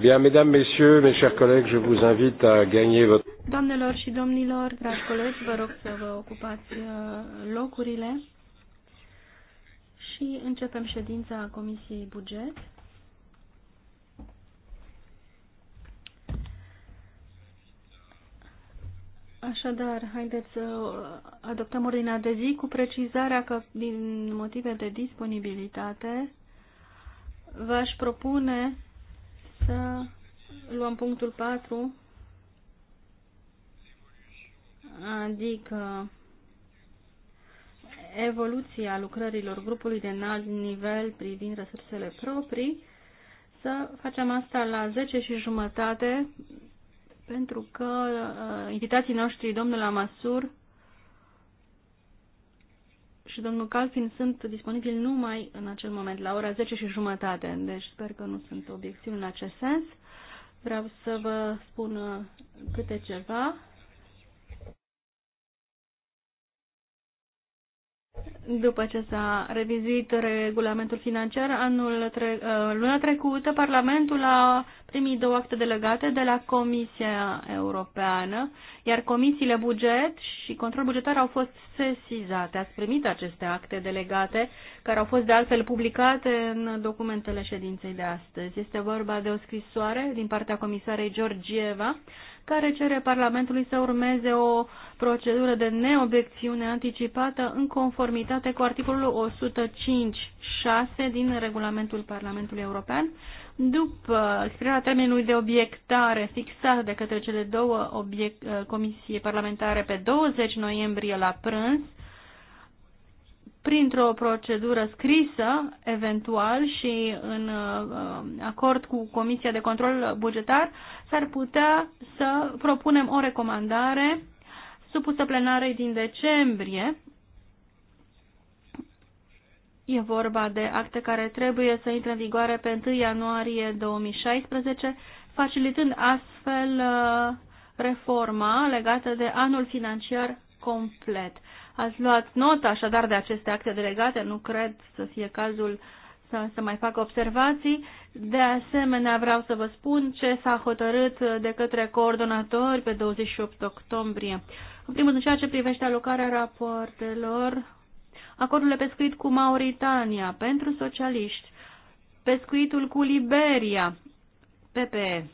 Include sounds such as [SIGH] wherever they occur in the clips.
Bien, mesdames, messieurs, mes chers collègues, je vous invite à gagner votre... Doamnelor și domnilor, dragi colegi, vă rog să vă ocupați uh, locurile și începem ședința Comisiei Buget. Așadar, haideți să adoptăm ordinea de zi cu precizarea că din motive de disponibilitate v-aș propune să luăm punctul 4, adică evoluția lucrărilor grupului de înalt nivel privind resursele proprii, să facem asta la 10 și jumătate, pentru că uh, invitații noștri, domnul Amasur, și domnul Calfin sunt disponibili numai în acel moment, la ora 10 și jumătate, deci sper că nu sunt obiecțiuni în acest sens. Vreau să vă spun uh, câte ceva După ce s-a revizuit regulamentul financiar, anul tre uh, luna trecută, Parlamentul a primit două acte delegate de la Comisia Europeană, iar comisiile buget și control bugetar au fost sesizate. Ați primit aceste acte delegate, care au fost de altfel publicate în documentele ședinței de astăzi. Este vorba de o scrisoare din partea comisarei Georgieva, care cere Parlamentului să urmeze o procedură de neobiecțiune anticipată în conformitate cu articolul 105.6 din regulamentul Parlamentului European. După expirarea termenului de obiectare fixat de către cele două comisii parlamentare pe 20 noiembrie la prânz, printr-o procedură scrisă, eventual, și în uh, acord cu Comisia de Control Bugetar, s-ar putea să propunem o recomandare supusă plenarei din decembrie. E vorba de acte care trebuie să intre în vigoare pe 1 ianuarie 2016, facilitând astfel uh, reforma legată de anul financiar complet. Ați luat notă așadar de aceste acte delegate, nu cred să fie cazul să, să mai fac observații. De asemenea, vreau să vă spun ce s-a hotărât de către coordonatori pe 28 octombrie. În primul rând, ceea ce privește alocarea rapoartelor, acordurile pescuit cu Mauritania pentru socialiști, pescuitul cu Liberia, PPE.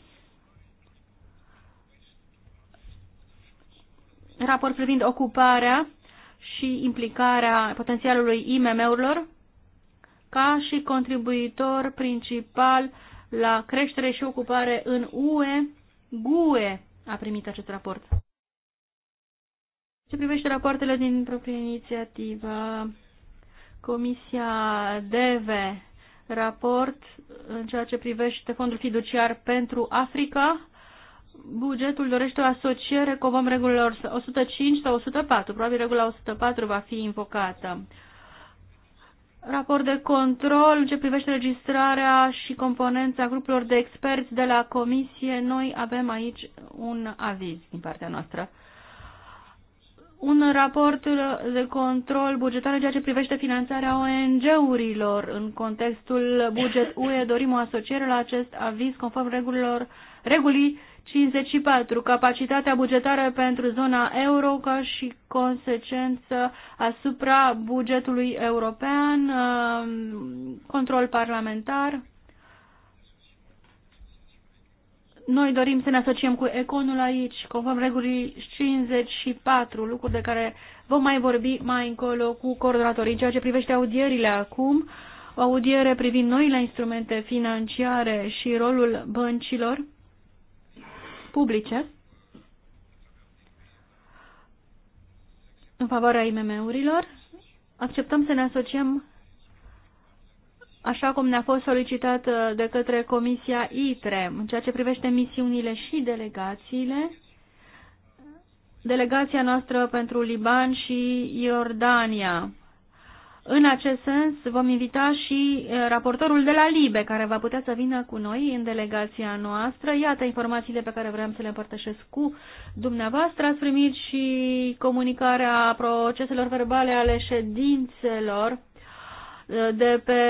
Raport privind ocuparea și implicarea potențialului IMM-urilor ca și contribuitor principal la creștere și ocupare în UE, GUE a primit acest raport. Ce privește rapoartele din proprie inițiativă, Comisia DV raport în ceea ce privește fondul fiduciar pentru Africa, bugetul dorește o asociere conform regulilor 105 sau 104. Probabil regula 104 va fi invocată. Raport de control ce privește registrarea și componența grupurilor de experți de la comisie. Noi avem aici un aviz din partea noastră. Un raport de control bugetar în ceea ce privește finanțarea ONG-urilor. În contextul buget UE dorim o asociere la acest aviz conform regulilor, regulii 54. Capacitatea bugetară pentru zona euro ca și consecință asupra bugetului european, um, control parlamentar. Noi dorim să ne asociem cu Econul aici, conform regulii 54, lucruri de care vom mai vorbi mai încolo cu coordonatorii. În ceea ce privește audierile acum, o audiere privind noile instrumente financiare și rolul băncilor publice în favoarea IMM-urilor. Acceptăm să ne asociem așa cum ne-a fost solicitat uh, de către Comisia ITRE, în ceea ce privește misiunile și delegațiile. Delegația noastră pentru Liban și Iordania în acest sens, vom invita și eh, raportorul de la LIBE, care va putea să vină cu noi în delegația noastră. Iată informațiile pe care vreau să le împărtășesc cu dumneavoastră. Ați primit și comunicarea proceselor verbale ale ședințelor eh, de pe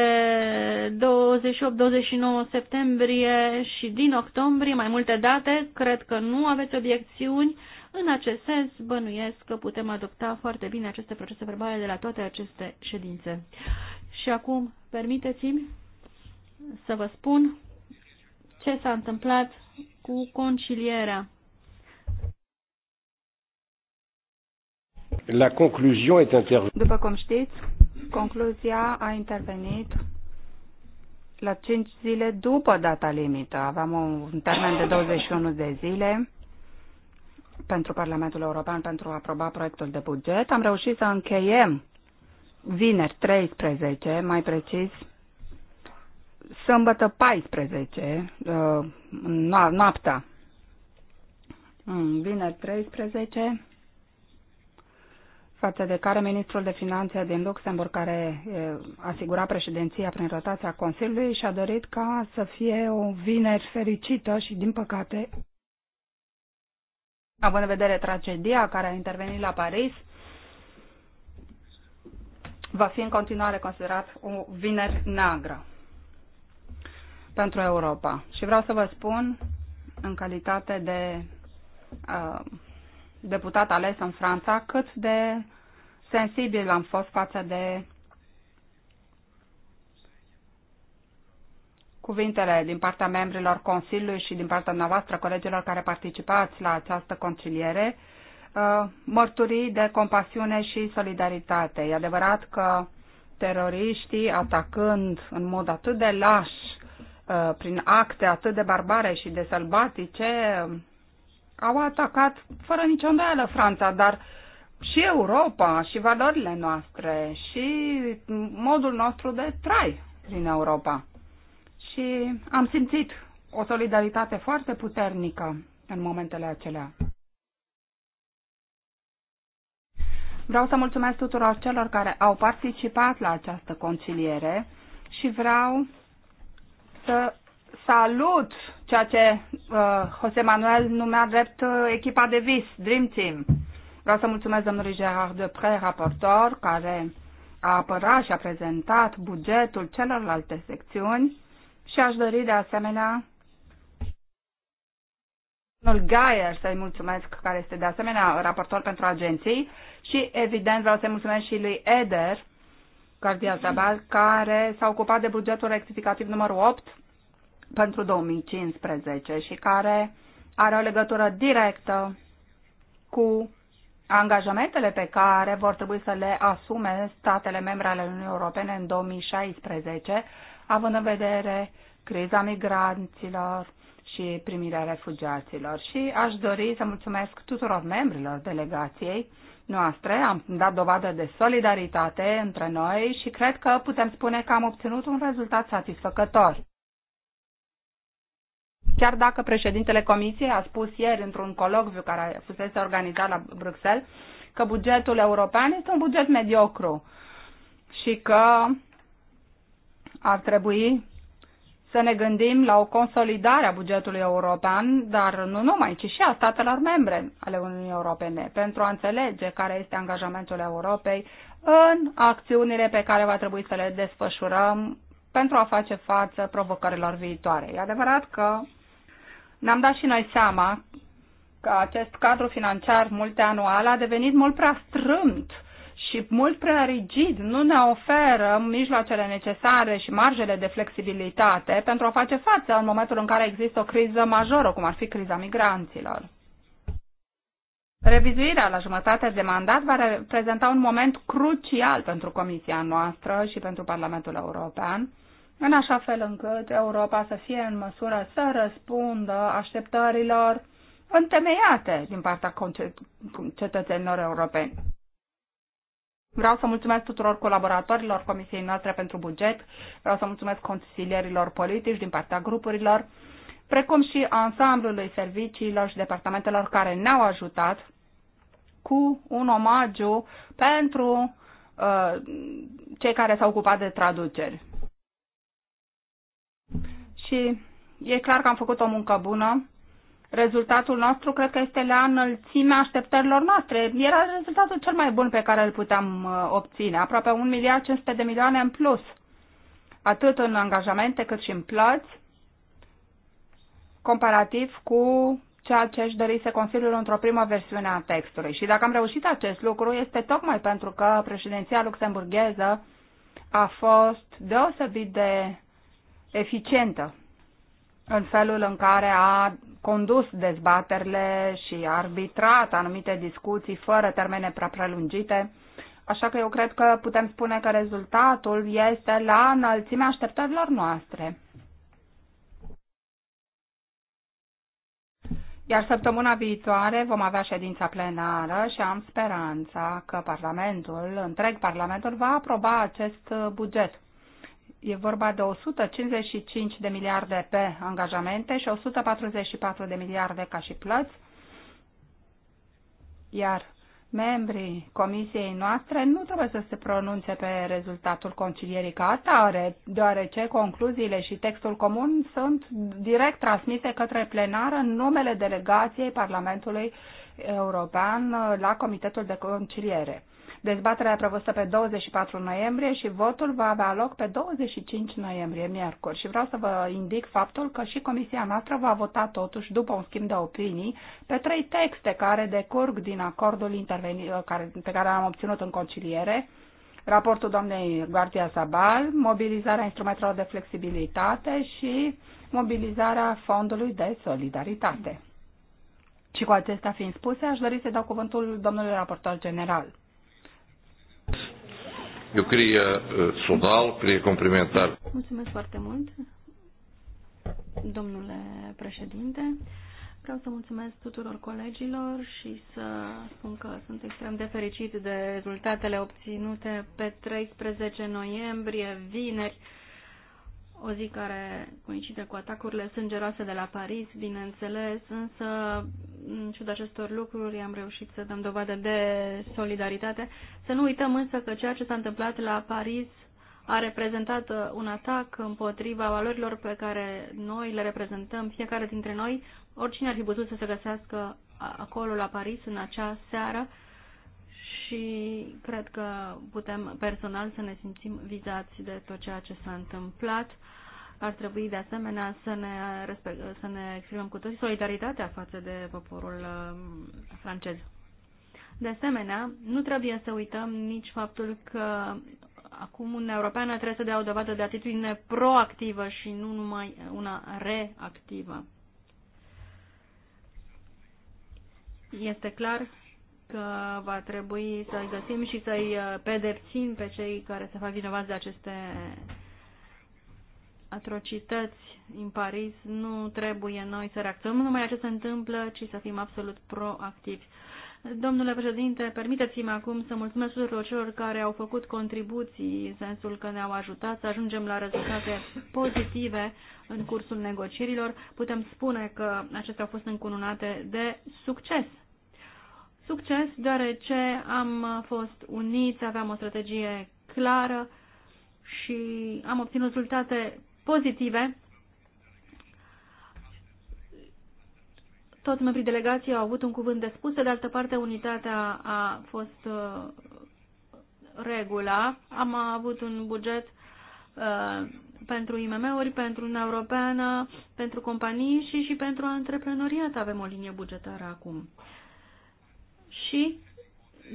28-29 septembrie și din octombrie, mai multe date. Cred că nu aveți obiecțiuni. În acest sens, bănuiesc că putem adopta foarte bine aceste procese verbale de la toate aceste ședințe. Și acum, permiteți-mi să vă spun ce s-a întâmplat cu concilierea. La conclusion est După cum știți, concluzia a intervenit la 5 zile după data limită. Aveam un termen de 21 de zile pentru Parlamentul European pentru a aproba proiectul de buget. Am reușit să încheiem vineri 13, mai precis, sâmbătă 14, uh, noaptea. Mm, vineri 13, față de care ministrul de finanțe din Luxemburg, care asigura președinția prin rotația Consiliului, și-a dorit ca să fie o vineri fericită și, din păcate, având în vedere tragedia care a intervenit la Paris, va fi în continuare considerat o vineri neagră pentru Europa. Și vreau să vă spun, în calitate de uh, deputat ales în Franța, cât de sensibil am fost față de cuvintele din partea membrilor Consiliului și din partea noastră, colegilor care participați la această conciliere, uh, mărturii de compasiune și solidaritate. E adevărat că teroriștii, atacând în mod atât de laș, uh, prin acte atât de barbare și de sălbatice, au atacat fără nicio îndoială Franța, dar și Europa, și valorile noastre, și modul nostru de trai prin Europa și am simțit o solidaritate foarte puternică în momentele acelea. Vreau să mulțumesc tuturor celor care au participat la această conciliere și vreau să salut ceea ce uh, Jose Manuel numea drept uh, echipa de vis, Dream Team. Vreau să mulțumesc domnului Gerard Depre, raportor, care a apărat și a prezentat bugetul celorlalte secțiuni și aș dori de asemenea domnul Gaier să-i mulțumesc, care este de asemenea raportor pentru agenții și evident vreau să-i mulțumesc și lui Eder Cardia Zabal, care s-a ocupat de bugetul rectificativ numărul 8 pentru 2015 și care are o legătură directă cu angajamentele pe care vor trebui să le asume statele membre ale Uniunii Europene în 2016 având în vedere criza migranților și primirea refugiaților. Și aș dori să mulțumesc tuturor membrilor delegației noastre. Am dat dovadă de solidaritate între noi și cred că putem spune că am obținut un rezultat satisfăcător. Chiar dacă președintele Comisiei a spus ieri într-un colocviu care fusese organizat la Bruxelles că bugetul european este un buget mediocru și că ar trebui să ne gândim la o consolidare a bugetului european, dar nu numai, ci și a statelor membre ale Uniunii Europene, pentru a înțelege care este angajamentul Europei în acțiunile pe care va trebui să le desfășurăm pentru a face față provocărilor viitoare. E adevărat că ne-am dat și noi seama că acest cadru financiar multianual a devenit mult prea strâmt și mult prea rigid, nu ne oferă mijloacele necesare și marjele de flexibilitate pentru a face față în momentul în care există o criză majoră, cum ar fi criza migranților. Revizuirea la jumătate de mandat va reprezenta un moment crucial pentru Comisia noastră și pentru Parlamentul European, în așa fel încât Europa să fie în măsură să răspundă așteptărilor întemeiate din partea cetățenilor europeni. Vreau să mulțumesc tuturor colaboratorilor Comisiei noastre pentru buget, vreau să mulțumesc consilierilor politici din partea grupurilor, precum și ansamblului serviciilor și departamentelor care ne-au ajutat cu un omagiu pentru uh, cei care s-au ocupat de traduceri. Și e clar că am făcut o muncă bună rezultatul nostru cred că este la înălțimea așteptărilor noastre. Era rezultatul cel mai bun pe care îl puteam uh, obține, aproape 1 miliard 500 de milioane în plus, atât în angajamente cât și în plăți, comparativ cu ceea ce își dorise Consiliul într-o primă versiune a textului. Și dacă am reușit acest lucru, este tocmai pentru că președinția luxemburgheză a fost deosebit de eficientă în felul în care a condus dezbaterile și a arbitrat anumite discuții fără termene prea prelungite. Așa că eu cred că putem spune că rezultatul este la înălțimea așteptărilor noastre. Iar săptămâna viitoare vom avea ședința plenară și am speranța că Parlamentul, întreg Parlamentul, va aproba acest buget e vorba de 155 de miliarde pe angajamente și 144 de miliarde ca și plăți, iar membrii comisiei noastre nu trebuie să se pronunțe pe rezultatul concilierii ca atare, deoarece concluziile și textul comun sunt direct transmise către plenară în numele delegației Parlamentului European la Comitetul de Conciliere. Dezbaterea prevăzută pe 24 noiembrie și votul va avea loc pe 25 noiembrie, miercuri. Și vreau să vă indic faptul că și comisia noastră va vota totuși, după un schimb de opinii, pe trei texte care decurg din acordul interveni, care, pe care l-am obținut în conciliere, raportul doamnei Guardia Zabal, mobilizarea instrumentelor de flexibilitate și mobilizarea fondului de solidaritate. Și cu acestea fiind spuse, aș dori să dau cuvântul domnului raportor general. Eu queria uh, saudá-lo, queria cumprimentar. Mulțumesc foarte mult, domnule președinte. Vreau să mulțumesc tuturor colegilor și să spun că sunt extrem de fericit de rezultatele obținute pe 13 noiembrie, vineri, o zi care coincide cu atacurile sângeroase de la Paris, bineînțeles, însă, în ciuda acestor lucruri, am reușit să dăm dovadă de solidaritate. Să nu uităm însă că ceea ce s-a întâmplat la Paris a reprezentat uh, un atac împotriva valorilor pe care noi le reprezentăm, fiecare dintre noi, oricine ar fi putut să se găsească acolo la Paris în acea seară, și cred că putem personal să ne simțim vizați de tot ceea ce s-a întâmplat. Ar trebui de asemenea să ne, respect, să ne exprimăm cu toți solidaritatea față de poporul uh, francez. De asemenea, nu trebuie să uităm nici faptul că acum Uniunea Europeană trebuie să dea o dovadă de atitudine proactivă și nu numai una reactivă. Este clar că va trebui să-i găsim și să-i uh, pedepțim pe cei care se fac vinovați de aceste atrocități în Paris. Nu trebuie noi să reacționăm numai la ce se întâmplă, ci să fim absolut proactivi. Domnule președinte, permiteți-mi acum să mulțumesc tuturor celor care au făcut contribuții în sensul că ne-au ajutat să ajungem la rezultate pozitive în cursul negocierilor. Putem spune că acestea au fost încununate de succes succes, deoarece am fost uniți, aveam o strategie clară și am obținut rezultate pozitive. Toți membrii delegației au avut un cuvânt de spus, de altă parte unitatea a fost uh, regula. Am avut un buget uh, pentru IMM-uri, pentru Uniunea Europeană, pentru companii și și pentru antreprenoriat avem o linie bugetară acum și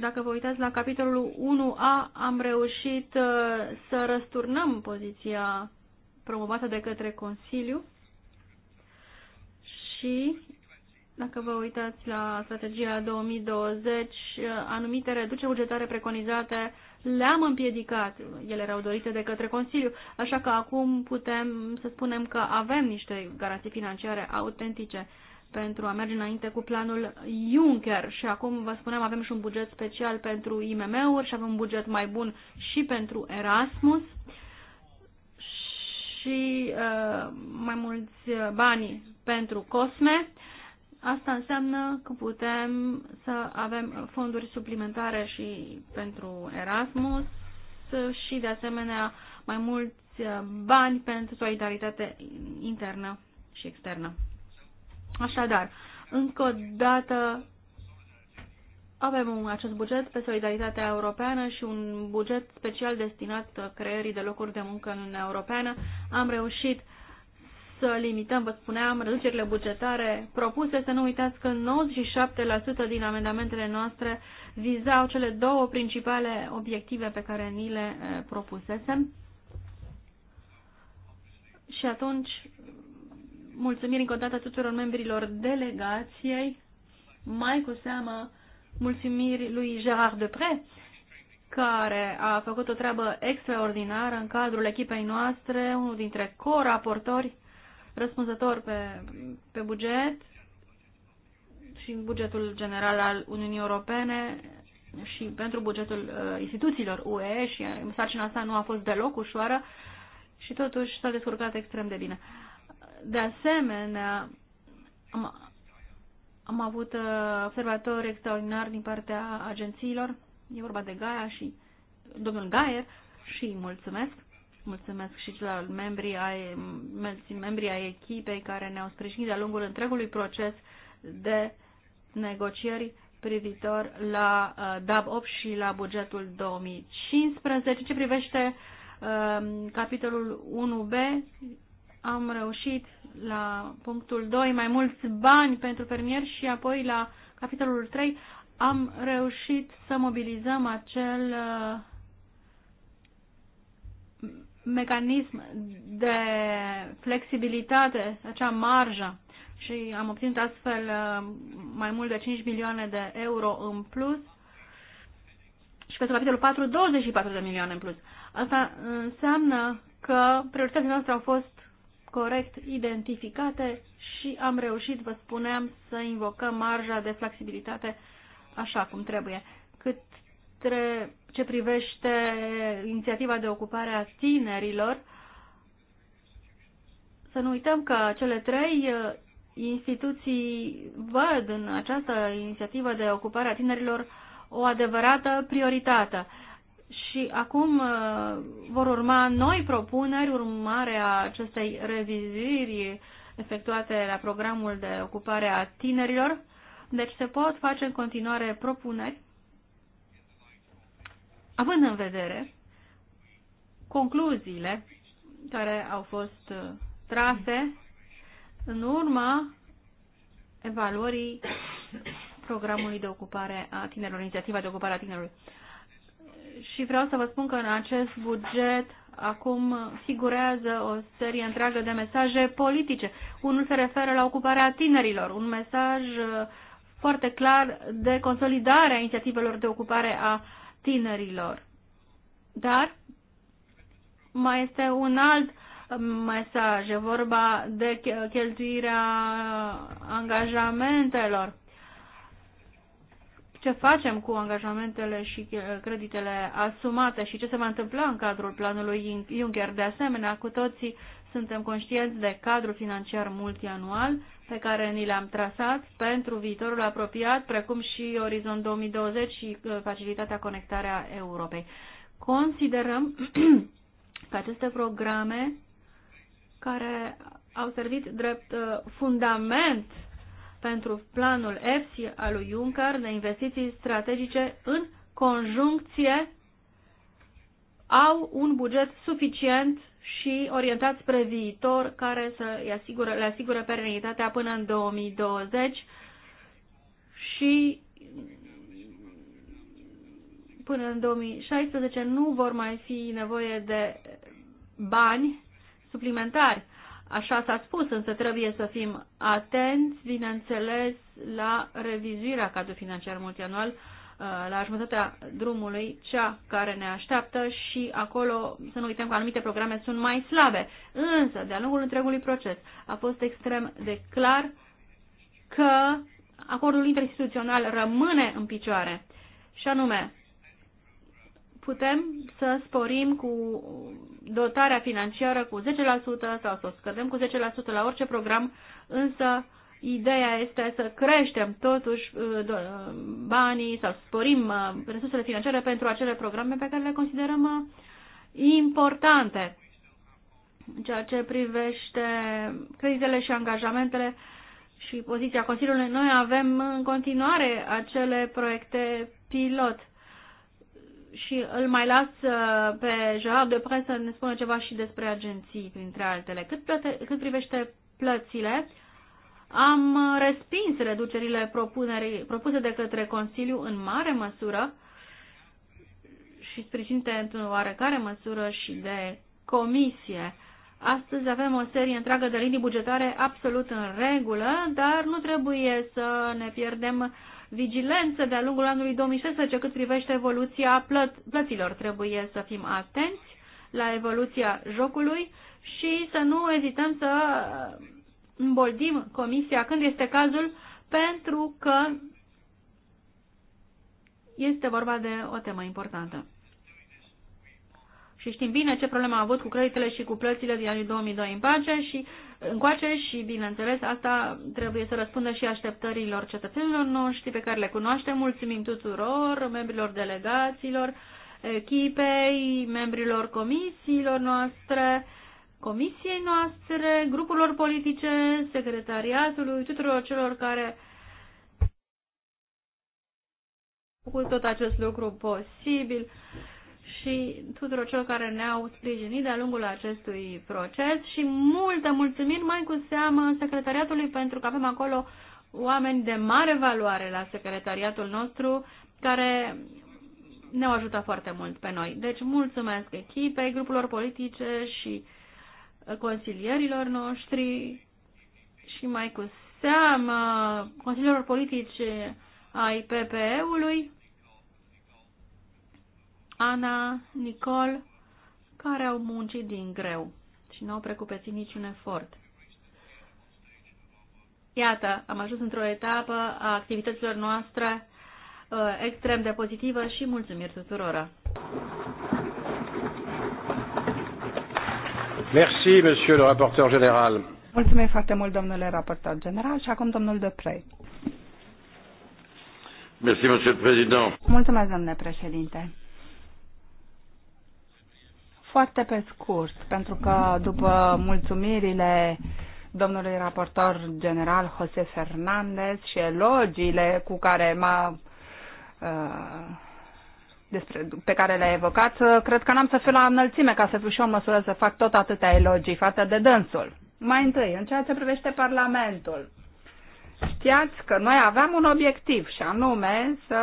dacă vă uitați la capitolul 1A, am reușit uh, să răsturnăm poziția promovată de către Consiliu și dacă vă uitați la strategia 2020, uh, anumite reduceri bugetare preconizate le-am împiedicat. Ele erau dorite de către Consiliu, așa că acum putem să spunem că avem niște garanții financiare autentice pentru a merge înainte cu planul Juncker și acum, vă spuneam, avem și un buget special pentru IMM-uri și avem un buget mai bun și pentru Erasmus și uh, mai mulți bani pentru Cosme. Asta înseamnă că putem să avem fonduri suplimentare și pentru Erasmus și, de asemenea, mai mulți bani pentru solidaritate internă și externă. Așadar, încă o dată avem un acest buget pe solidaritatea europeană și un buget special destinat creării de locuri de muncă în Uniunea Europeană. Am reușit să limităm, vă spuneam, reducerile bugetare propuse. Să nu uitați că 97% din amendamentele noastre vizau cele două principale obiective pe care ni le eh, propusesem. Și atunci mulțumiri încă o dată tuturor membrilor delegației, mai cu seamă mulțumiri lui Gerard Depre, care a făcut o treabă extraordinară în cadrul echipei noastre, unul dintre co-raportori răspunzător pe, pe buget și în bugetul general al Uniunii Europene și pentru bugetul uh, instituțiilor UE și uh, sarcina asta nu a fost deloc ușoară și totuși s-a descurcat extrem de bine. Uh, de asemenea, am, am avut uh, observatori extraordinari din partea agențiilor, e vorba de Gaia și domnul Gaier și mulțumesc. Mulțumesc și celor membrii ai, membrii ai echipei care ne-au sprijinit de-a lungul întregului proces de negocieri privitor la uh, DAB 8 și la bugetul 2015. Ce privește uh, capitolul 1B, am reușit la punctul 2 mai mulți bani pentru fermieri și apoi la capitolul 3 am reușit să mobilizăm acel uh, mecanism de flexibilitate, acea marjă și am obținut astfel uh, mai mult de 5 milioane de euro în plus și pentru capitolul 4, 24 de milioane în plus. Asta înseamnă că prioritățile noastre au fost corect identificate și am reușit, vă spuneam, să invocăm marja de flexibilitate așa cum trebuie. Cât tre- ce privește inițiativa de ocupare a tinerilor, să nu uităm că cele trei uh, instituții văd în această inițiativă de ocupare a tinerilor o adevărată prioritate și acum uh, vor urma noi propuneri, urmarea acestei reviziri efectuate la programul de ocupare a tinerilor. Deci se pot face în continuare propuneri, având în vedere concluziile care au fost uh, trase în urma evaluării programului de ocupare a tinerilor, inițiativa de ocupare a tinerilor și vreau să vă spun că în acest buget acum figurează o serie întreagă de mesaje politice. Unul se referă la ocuparea tinerilor, un mesaj uh, foarte clar de consolidare a inițiativelor de ocupare a tinerilor. Dar mai este un alt mesaj, e vorba de cheltuirea angajamentelor ce facem cu angajamentele și uh, creditele asumate și ce se va întâmpla în cadrul planului Juncker. De asemenea, cu toții suntem conștienți de cadrul financiar multianual pe care ni l-am trasat pentru viitorul apropiat, precum și Orizont 2020 și uh, Facilitatea Conectarea Europei. Considerăm [CLEARS THROAT] că aceste programe care au servit drept uh, fundament pentru planul EFSI al lui Juncker de investiții strategice în conjuncție au un buget suficient și orientat spre viitor care să le asigure, le asigură perenitatea până în 2020 și până în 2016 nu vor mai fi nevoie de bani suplimentari Așa s-a spus, însă trebuie să fim atenți, bineînțeles, la revizuirea cadrului financiar multianual uh, la jumătatea drumului, cea care ne așteaptă și acolo, să nu uităm că anumite programe sunt mai slabe. Însă, de-a lungul întregului proces, a fost extrem de clar că acordul interinstituțional rămâne în picioare. Și anume, putem să sporim cu dotarea financiară cu 10% sau să o scădem cu 10% la orice program, însă ideea este să creștem totuși uh, uh, banii sau să sporim uh, resursele financiare pentru acele programe pe care le considerăm importante. În ceea ce privește crizele și angajamentele și poziția Consiliului, noi avem în continuare acele proiecte pilot și îl mai las uh, pe Gerard de Press să ne spună ceva și despre agenții, printre altele. Cât, plăte, cât privește plățile, am respins reducerile propuse de către Consiliu în mare măsură și sprijinite într-o oarecare măsură și de comisie. Astăzi avem o serie întreagă de linii bugetare absolut în regulă, dar nu trebuie să ne pierdem vigilență de-a lungul anului 2016 cât privește evoluția plăt- plăților. Trebuie să fim atenți la evoluția jocului și să nu ezităm să îmboldim comisia când este cazul, pentru că este vorba de o temă importantă și știm bine ce probleme a avut cu creditele și cu plățile din anul 2002 pace și, încoace și, bineînțeles, asta trebuie să răspundă și așteptărilor cetățenilor noștri pe care le cunoaștem. Mulțumim tuturor, membrilor delegațiilor, echipei, membrilor comisiilor noastre, comisiei noastre, grupurilor politice, secretariatului, tuturor celor care făcut tot acest lucru posibil și tuturor celor care ne-au sprijinit de-a lungul acestui proces și multă mulțumiri mai cu seamă secretariatului pentru că avem acolo oameni de mare valoare la secretariatul nostru care ne-au ajutat foarte mult pe noi. Deci mulțumesc echipei, grupurilor politice și consilierilor noștri și mai cu seamă consilierilor politici ai PPE-ului Ana, Nicol, care au muncit din greu și nu au precupețit niciun efort. Iată, am ajuns într-o etapă a activităților noastre uh, extrem de pozitivă și mulțumiri tuturora. Merci, monsieur le rapporteur general. Mulțumesc foarte mult, domnule raportor general. Și acum, domnul Deprey. Merci, monsieur le président. Mulțumesc, domnule președinte. Foarte pe scurt, pentru că după mulțumirile domnului raportor general José Fernandez și elogiile cu care m-a uh, despre, pe care le-a evocat, uh, cred că n-am să fiu la înălțime ca să fiu și o măsură să fac tot atâtea elogii față de dânsul. Mai întâi, în ceea ce privește Parlamentul, știați că noi aveam un obiectiv și anume să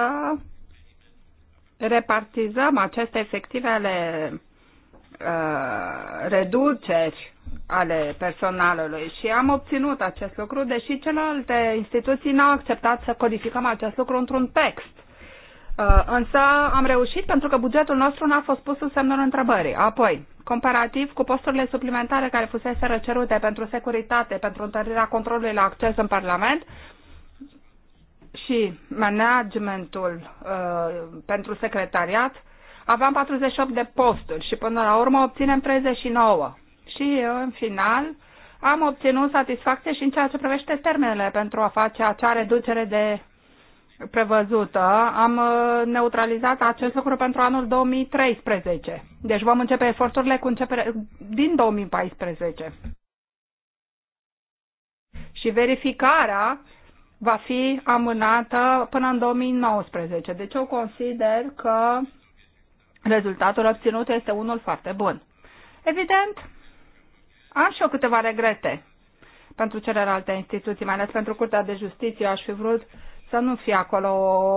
repartizăm aceste efective ale Uh, reduceri ale personalului și am obținut acest lucru, deși celelalte instituții n-au acceptat să codificăm acest lucru într-un text. Uh, însă am reușit pentru că bugetul nostru n-a fost pus în semnul întrebării. Apoi, comparativ cu posturile suplimentare care fusese cerute pentru securitate, pentru întărirea controlului la acces în Parlament, și managementul uh, pentru secretariat, aveam 48 de posturi și până la urmă obținem 39. Și eu în final am obținut satisfacție și în ceea ce privește termenele pentru a face acea reducere de prevăzută. Am uh, neutralizat acest lucru pentru anul 2013. Deci vom începe eforturile cu începere din 2014. Și verificarea va fi amânată până în 2019. Deci eu consider că Rezultatul obținut este unul foarte bun. Evident, am și eu câteva regrete pentru celelalte instituții, mai ales pentru Curtea de Justiție. Aș fi vrut să nu fie acolo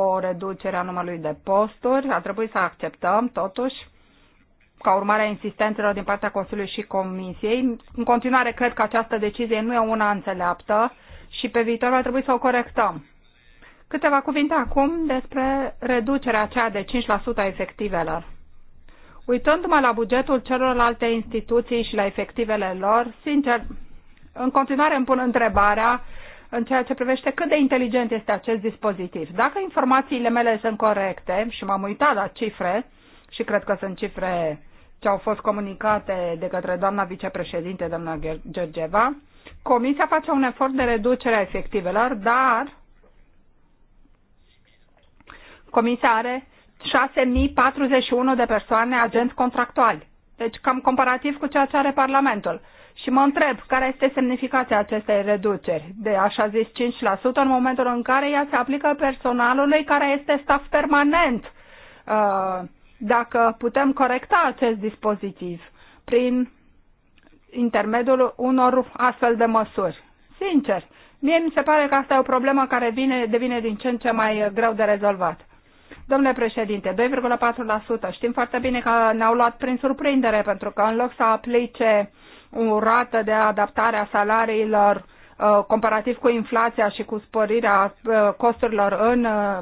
o reducere a numărului de posturi. A trebuit să acceptăm, totuși, ca urmare a insistențelor din partea Consiliului și Comisiei. În continuare, cred că această decizie nu e una înțeleaptă și pe viitor va trebui să o corectăm. Câteva cuvinte acum despre reducerea aceea de 5% a efectivelor. Uitându-mă la bugetul celorlalte instituții și la efectivele lor, sincer, în continuare îmi pun întrebarea în ceea ce privește cât de inteligent este acest dispozitiv. Dacă informațiile mele sunt corecte și m-am uitat la cifre, și cred că sunt cifre ce au fost comunicate de către doamna vicepreședinte, doamna Gergeva, Comisia face un efort de reducere a efectivelor, dar Comisia are 6.041 de persoane agenți contractuali. Deci cam comparativ cu ceea ce are Parlamentul. Și mă întreb, care este semnificația acestei reduceri de așa zis 5% în momentul în care ea se aplică personalului care este staff permanent? Uh, dacă putem corecta acest dispozitiv prin intermediul unor astfel de măsuri. Sincer, mie mi se pare că asta e o problemă care vine, devine din ce în ce mai greu de rezolvat. Domnule președinte, 2,4%. Știm foarte bine că ne-au luat prin surprindere, pentru că în loc să aplice o rată de adaptare a salariilor uh, comparativ cu inflația și cu sporirea uh, costurilor în uh,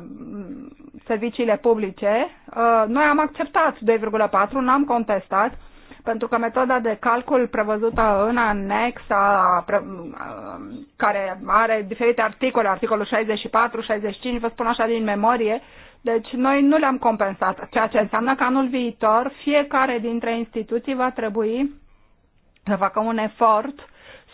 serviciile publice, noi am acceptat 2,4, n-am contestat, pentru că metoda de calcul prevăzută în anexa, care are diferite articole, articolul 64, 65, vă spun așa din memorie, deci noi nu le-am compensat, ceea ce înseamnă că anul viitor fiecare dintre instituții va trebui să facă un efort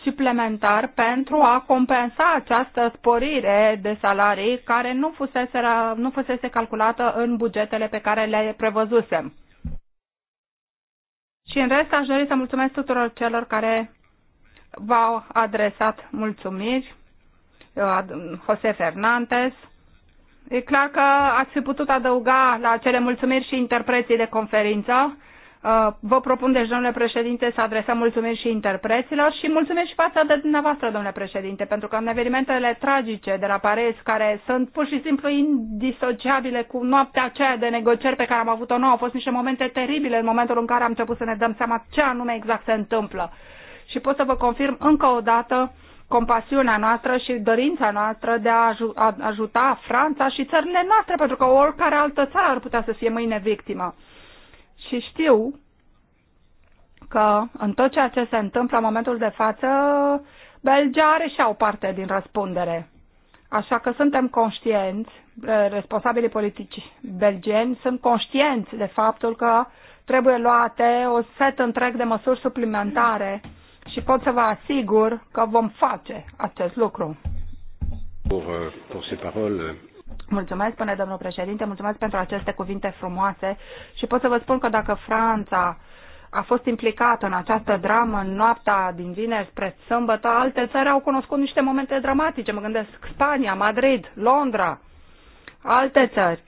suplimentar pentru a compensa această sporire de salarii care nu fusese, nu fusese calculată în bugetele pe care le prevăzusem. Și în rest aș dori să mulțumesc tuturor celor care v-au adresat mulțumiri. Uh, Jose Fernandez, E clar că ați fi putut adăuga la cele mulțumiri și interpreții de conferință. Uh, vă propun, deci, domnule președinte, să adresăm mulțumiri și interpreților și mulțumiri și fața de dumneavoastră, domnule președinte, pentru că în evenimentele tragice de la Paris, care sunt pur și simplu indisociabile cu noaptea aceea de negocieri pe care am avut-o nouă, au fost niște momente teribile în momentul în care am început să ne dăm seama ce anume exact se întâmplă. Și pot să vă confirm încă o dată compasiunea noastră și dorința noastră de a ajuta Franța și țările noastre, pentru că oricare altă țară ar putea să fie mâine victimă. Și știu că în tot ceea ce se întâmplă în momentul de față, Belgia are și au parte din răspundere. Așa că suntem conștienți, eh, responsabilii politici belgeni sunt conștienți de faptul că trebuie luate o set întreg de măsuri suplimentare și pot să vă asigur că vom face acest lucru. Pour, euh, pour ces paroles. Euh, mulțumesc, spune domnul președinte, mulțumesc pentru aceste cuvinte frumoase și pot să vă spun că dacă Franța a fost implicată în această dramă în noaptea din vineri spre sâmbătă, alte țări au cunoscut niște momente dramatice. Mă gândesc Spania, Madrid, Londra, alte țări.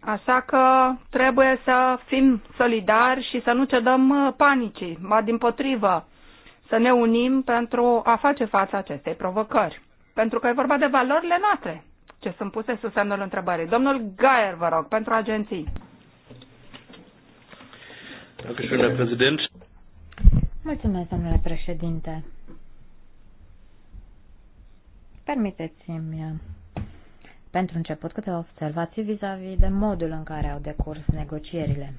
Așa că trebuie să fim solidari și să nu cedăm panicii, ba din potrivă să ne unim pentru a face față acestei provocări. Pentru că e vorba de valorile noastre, ce sunt puse sub semnul întrebării. Domnul Gaier, vă rog, pentru agenții. Mulțumesc, domnule președinte. Permiteți-mi pentru început câteva observații vis-a-vis -vis de modul în care au decurs negocierile.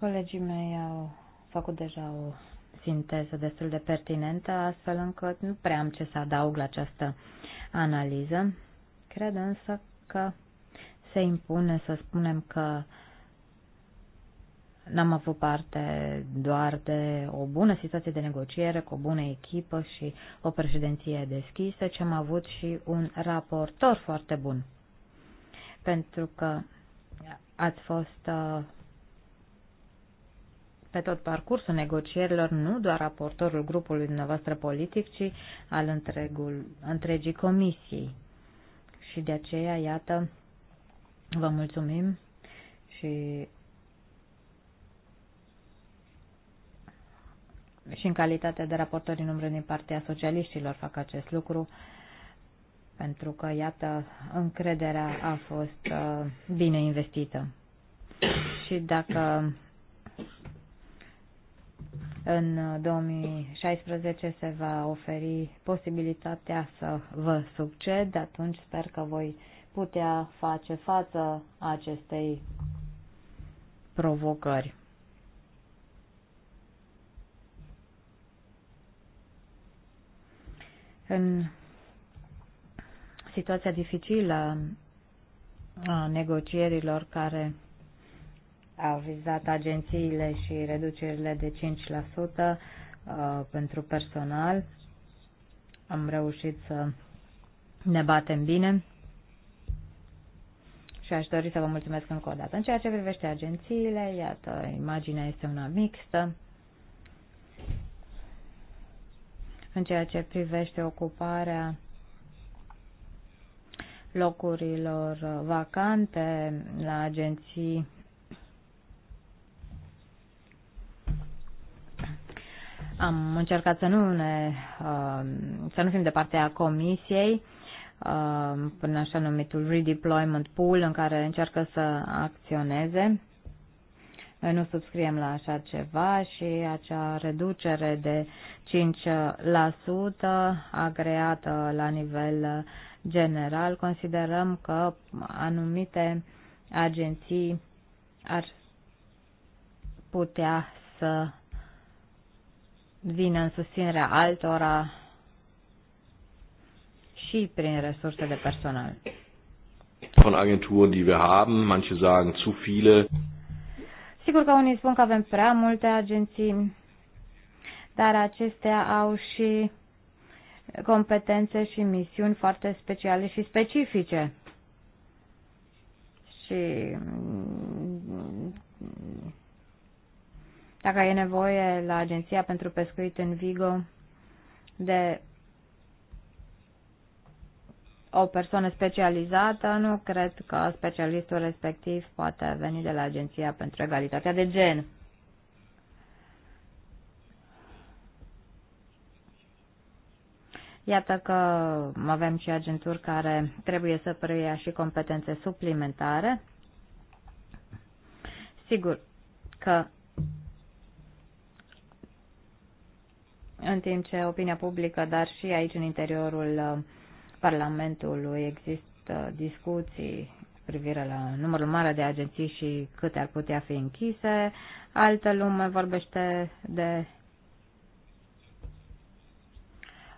Colegii mei au făcut deja o sinteză destul de pertinentă, astfel încât nu prea am ce să adaug la această analiză. Cred însă că se impune să spunem că n-am avut parte doar de o bună situație de negociere, cu o bună echipă și o președinție deschisă, ci am avut și un raportor foarte bun. Pentru că ați fost uh, pe tot parcursul negocierilor, nu doar raportorul grupului dumneavoastră politic, ci al întregul, întregii comisiei. Și de aceea, iată, vă mulțumim și și în calitate de raportor din umbră din partea socialiștilor fac acest lucru, pentru că, iată, încrederea a fost uh, bine investită. Și dacă în 2016 uh, se va oferi posibilitatea să vă succed, atunci sper că voi putea face față acestei provocări. În situația dificilă a negocierilor care a vizat agențiile și reducerile de 5% uh, pentru personal. Am reușit să ne batem bine și aș dori să vă mulțumesc încă o dată. În ceea ce privește agențiile, iată, imaginea este una mixtă. În ceea ce privește ocuparea locurilor vacante la agenții Am încercat să nu, ne, uh, să nu fim de partea comisiei uh, până așa numitul redeployment pool în care încearcă să acționeze. Noi nu subscriem la așa ceva și acea reducere de 5% agreată la nivel general, considerăm că anumite agenții ar putea să vină în susținerea altora și prin resurse de personal. Von Agenturen, die wir haben, manche sagen zu viele. Sigur că unii spun că avem prea multe agenții, dar acestea au și competențe și misiuni foarte speciale și specifice. Și dacă e nevoie la Agenția pentru Pescuit în Vigo de o persoană specializată, nu cred că specialistul respectiv poate veni de la Agenția pentru Egalitatea de Gen. Iată că avem și agenturi care trebuie să preia și competențe suplimentare. Sigur că în timp ce opinia publică, dar și aici în interiorul uh, Parlamentului există discuții privire la numărul mare de agenții și câte ar putea fi închise. Altă lume vorbește de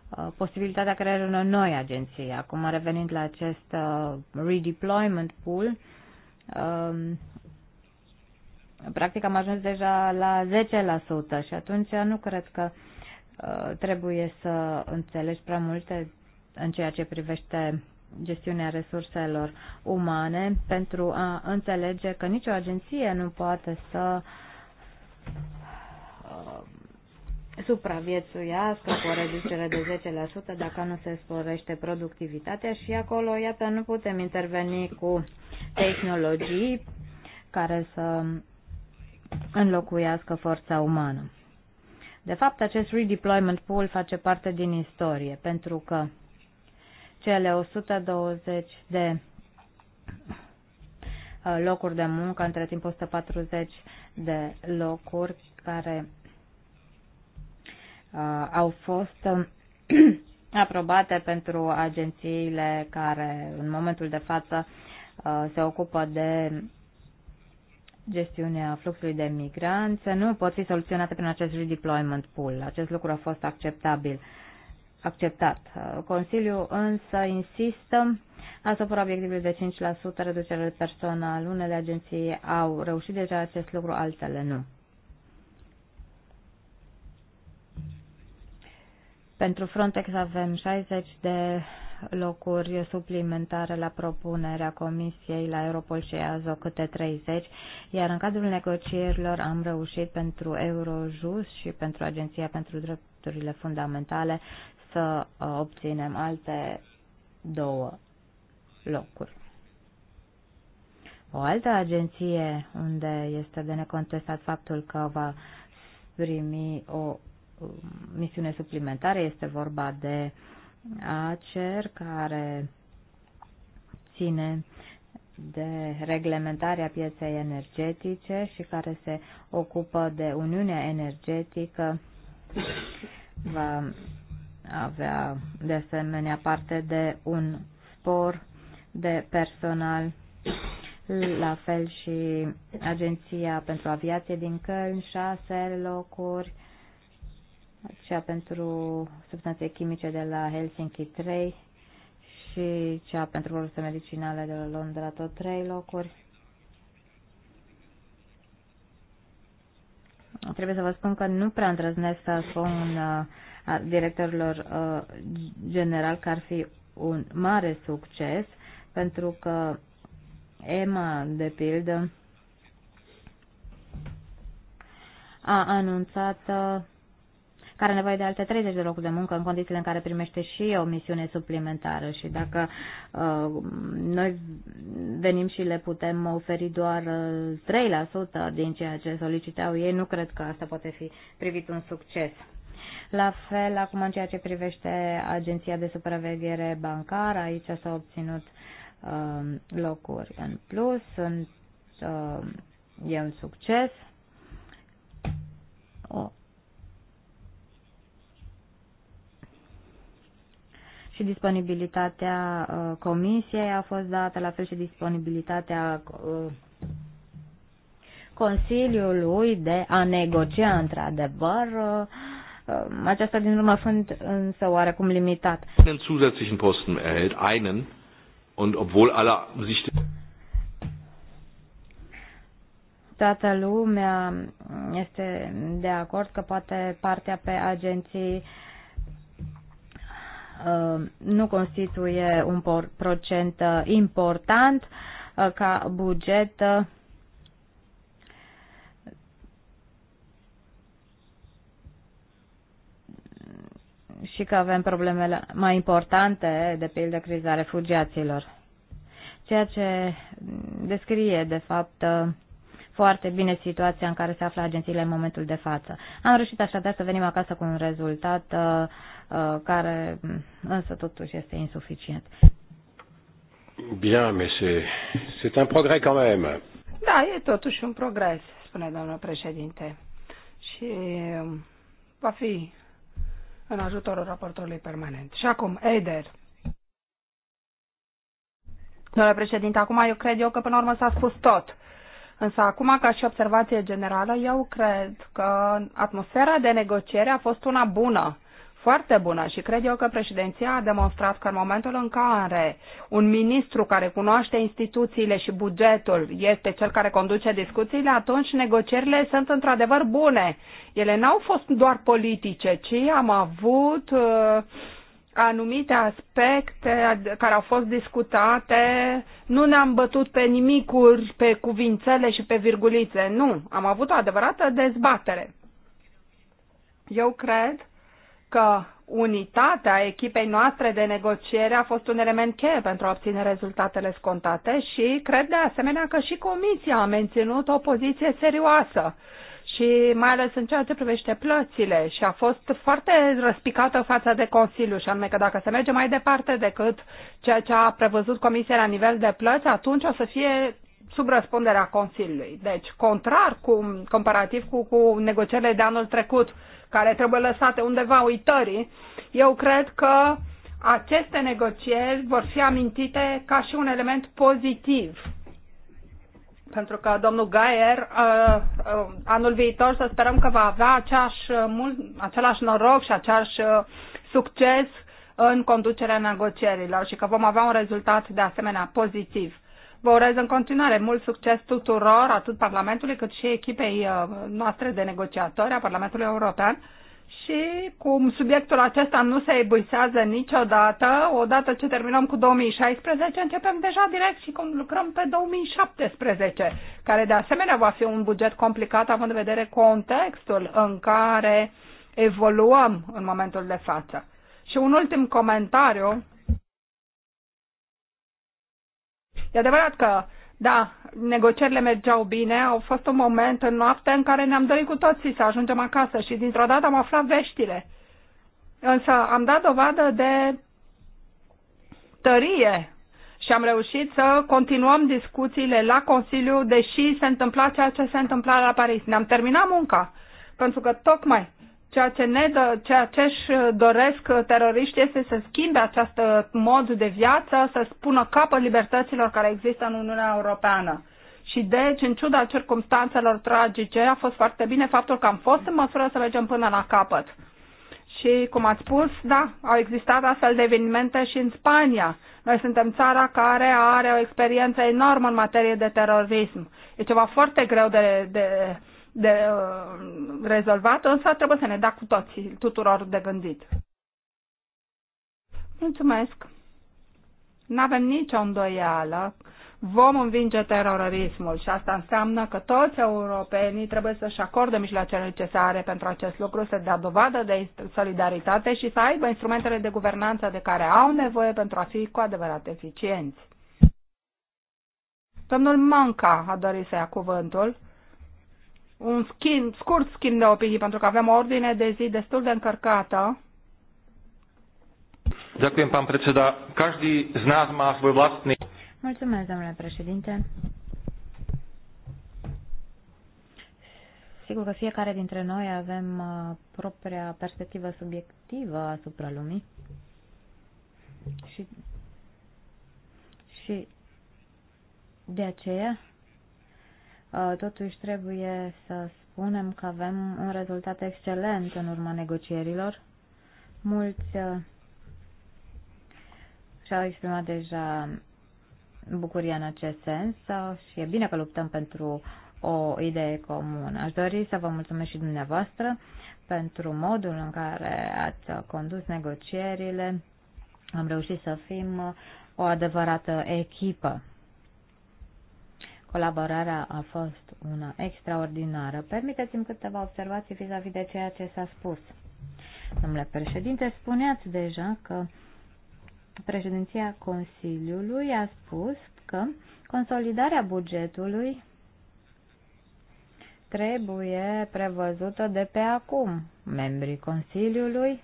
uh, posibilitatea creării unei noi agenții. Acum, revenind la acest uh, redeployment pool, um, practic am ajuns deja la 10% și atunci nu cred că uh, Uh, trebuie să înțelegi prea multe în ceea ce privește gestiunea resurselor umane pentru a înțelege că nicio agenție nu poate să uh, supraviețuiască cu o reducere de 10% dacă nu se sporește productivitatea și acolo, iată, nu putem interveni cu tehnologii care să înlocuiască forța umană. De fapt, acest redeployment pool face parte din istorie, pentru că cele 120 de uh, locuri de muncă, între timp 140 de locuri care uh, au fost uh, [CLEARS THROAT] aprobate pentru agențiile care în momentul de față uh, se ocupă de gestiunea fluxului de migranți nu pot fi soluționate prin acest redeployment pool. Acest lucru a fost acceptabil, acceptat. Consiliul însă insistă asupra obiectivului de 5% reducere de personal. Unele agenții au reușit deja acest lucru, altele nu. Pentru Frontex avem 60 de locuri suplimentare la propunerea Comisiei la Europol și Azo câte 30, iar în cadrul negocierilor am reușit pentru Eurojust și pentru Agenția pentru Drepturile Fundamentale să uh, obținem alte două locuri. O altă agenție unde este de necontestat faptul că va primi o um, misiune suplimentară este vorba de uh, ACER care ține de reglementarea pieței energetice și care se ocupă de Uniunea Energetică va avea de asemenea parte de un spor de personal, la fel și Agenția pentru Aviație din Căln, șase locuri, cea pentru substanțe chimice de la Helsinki 3 și cea pentru produse medicinale de la Londra tot 3 locuri. Trebuie să vă spun că nu prea îndrăznesc să spun uh, directorilor uh, general că ar fi un mare succes, pentru că EMA, de pildă, a anunțat uh, care are nevoie de alte 30 de locuri de muncă în condițiile în care primește și o misiune suplimentară și dacă uh, noi venim și le putem oferi doar 3% uh, din ceea ce solicitau ei, nu cred că asta poate fi privit un succes. La fel, acum în ceea ce privește Agenția de Supraveghere Bancară, aici s-au obținut uh, locuri în plus, sunt, uh, e un succes. Oh. și disponibilitatea uh, comisiei a fost dată, la fel și disponibilitatea uh, Consiliului de a negocia într-adevăr uh, aceasta din urmă fiind însă oarecum limitat. toată lumea este de acord că poate partea pe agenții Uh, nu constituie un procent uh, important uh, ca buget. și că avem problemele mai importante, de pildă criza refugiaților. Ceea ce descrie, de fapt, foarte bine situația în care se află agențiile în momentul de față. Am reușit așadar să venim acasă cu un rezultat uh, Uh, care mm, însă totuși este insuficient. Bien, mais c'est un progrès quand même. Da, e totuși un progres, spune domnul președinte. Și um, va fi în ajutorul raportorului permanent. Și acum, Eider. Domnule președinte, acum eu cred eu că până la urmă s-a spus tot. Însă acum, ca și observație generală, eu cred că atmosfera de negociere a fost una bună foarte bună și cred eu că președinția a demonstrat că în momentul în care un ministru care cunoaște instituțiile și bugetul este cel care conduce discuțiile, atunci negocierile sunt într-adevăr bune. Ele n-au fost doar politice, ci am avut uh, anumite aspecte care au fost discutate, nu ne-am bătut pe nimicuri, pe cuvințele și pe virgulițe, nu. Am avut o adevărată dezbatere. Eu cred că unitatea echipei noastre de negociere a fost un element cheie pentru a obține rezultatele scontate și cred de asemenea că și Comisia a menținut o poziție serioasă și mai ales în ceea ce privește plățile și a fost foarte răspicată față de Consiliu și anume că dacă se merge mai departe decât ceea ce a prevăzut Comisia la nivel de plăți, atunci o să fie sub răspunderea Consiliului. Deci, contrar cu, comparativ cu, cu negocierile de anul trecut, care trebuie lăsate undeva uitării, eu cred că aceste negocieri vor fi amintite ca și un element pozitiv. Pentru că domnul Gaier, uh, uh, anul viitor să sperăm că va avea aceeași, uh, același noroc și același succes în conducerea negocierilor și că vom avea un rezultat de asemenea pozitiv. Vă urez în continuare mult succes tuturor, atât Parlamentului cât și echipei uh, noastre de negociatori a Parlamentului European. Și cum subiectul acesta nu se ebuisează niciodată, odată ce terminăm cu 2016, începem deja direct și cum lucrăm pe 2017, care de asemenea va fi un buget complicat având în vedere contextul în care evoluăm în momentul de față. Și un ultim comentariu E adevărat că, da, negocierile mergeau bine, au fost un moment în noapte în care ne-am dorit cu toții să ajungem acasă și dintr-o dată am aflat veștile. Însă am dat dovadă de tărie și am reușit să continuăm discuțiile la Consiliu, deși se întâmpla ceea ce se întâmpla la Paris. Ne-am terminat munca, pentru că tocmai Ceea ce, ne dă, ceea ce își doresc teroriști este să schimbe acest mod de viață, să spună capăt libertăților care există în Uniunea Europeană. Și deci, în ciuda circumstanțelor tragice, a fost foarte bine faptul că am fost în măsură să mergem până la capăt. Și, cum ați spus, da, au existat astfel de evenimente și în Spania. Noi suntem țara care are o experiență enormă în materie de terorism. E ceva foarte greu de, de de uh, rezolvat, însă trebuie să ne dea cu toții, tuturor de gândit. Mulțumesc! Nu avem nicio îndoială. Vom învinge terorismul și asta înseamnă că toți europenii trebuie să-și acorde mijloacele necesare pentru acest lucru, să dea dovadă de solidaritate și să aibă instrumentele de guvernanță de care au nevoie pentru a fi cu adevărat eficienți. Domnul Manca a dorit să ia cuvântul un skin, scurt schimb de opinii, pentru că avem o ordine de zi destul de încărcată. Ďakujem, pan predseda. Každý z nás má svoj vlastný... Mulțumesc, domnule președinte. Sigur că fiecare dintre noi avem uh, propria perspectivă subiectivă asupra lumii. Și, și de aceea Uh, totuși trebuie să spunem că avem un rezultat excelent în urma negocierilor. Mulți uh, și-au exprimat deja bucuria în acest sens uh, și e bine că luptăm pentru o idee comună. Aș dori să vă mulțumesc și dumneavoastră pentru modul în care ați condus negocierile. Am reușit să fim o adevărată echipă. Colaborarea a fost una extraordinară. Permiteți-mi câteva observații vis-a-vis -vis de ceea ce s-a spus. Domnule președinte, spuneați deja că președinția Consiliului a spus că consolidarea bugetului trebuie prevăzută de pe acum. Membrii Consiliului uh,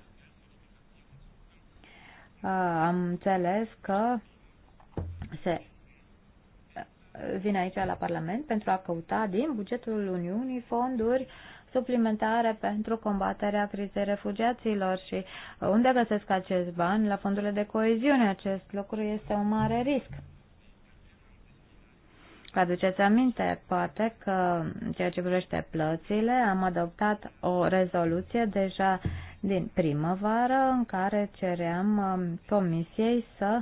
am înțeles că se vin aici la Parlament pentru a căuta din bugetul Uniunii fonduri suplimentare pentru combaterea crizei refugiaților și unde găsesc acest bani? La fondurile de coeziune. Acest lucru este un mare risc. Vă aduceți aminte, poate că ceea ce privește plățile, am adoptat o rezoluție deja din primăvară în care ceream um, comisiei să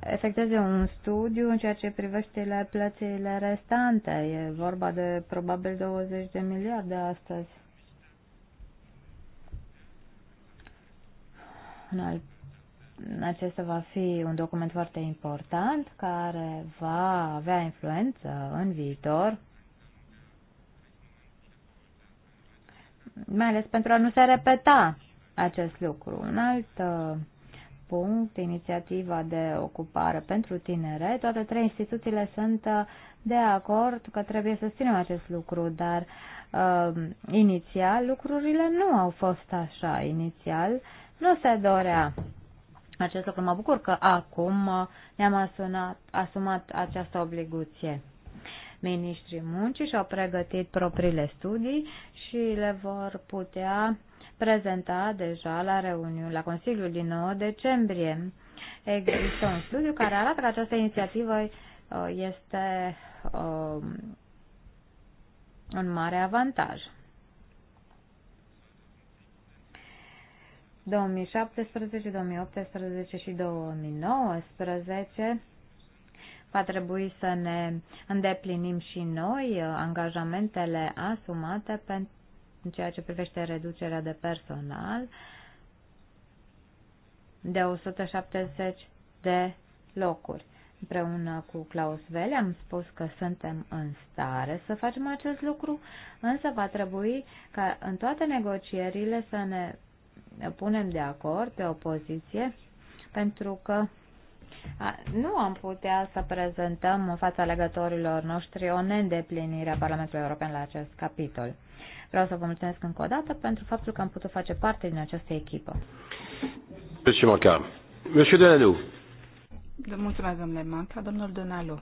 efecteze un studiu în ceea ce privește plățile restante. E vorba de probabil 20 de miliarde astăzi. Un alt acesta va fi un document foarte important care va avea influență în viitor, mai ales pentru a nu se repeta acest lucru. Un alt uh, punct inițiativa de ocupare pentru tinere. Toate trei instituțiile sunt uh, de acord că trebuie să ținem acest lucru, dar uh, inițial lucrurile nu au fost așa. Inițial nu se dorea acest lucru. Mă bucur că acum uh, ne-am asumat, asumat această obligație. Ministrii muncii și-au pregătit propriile studii și le vor putea prezenta deja la reuniune, la Consiliul din 9 decembrie. Există un studiu care arată că această inițiativă uh, este um, un mare avantaj. 2017, 2018 și 2019 va trebui să ne îndeplinim și noi uh, angajamentele asumate pentru în ceea ce privește reducerea de personal, de 170 de locuri. Împreună cu Klaus Vele am spus că suntem în stare să facem acest lucru, însă va trebui ca în toate negocierile să ne punem de acord pe o poziție, pentru că nu am putea să prezentăm în fața legătorilor noștri o neîndeplinire a Parlamentului European la acest capitol. Vreau să vă mulțumesc încă o dată pentru faptul că am putut face parte din această echipă. Monsieur Manca. Monsieur Denalo. Mulțumesc, domnule Manca. Domnul Denalo.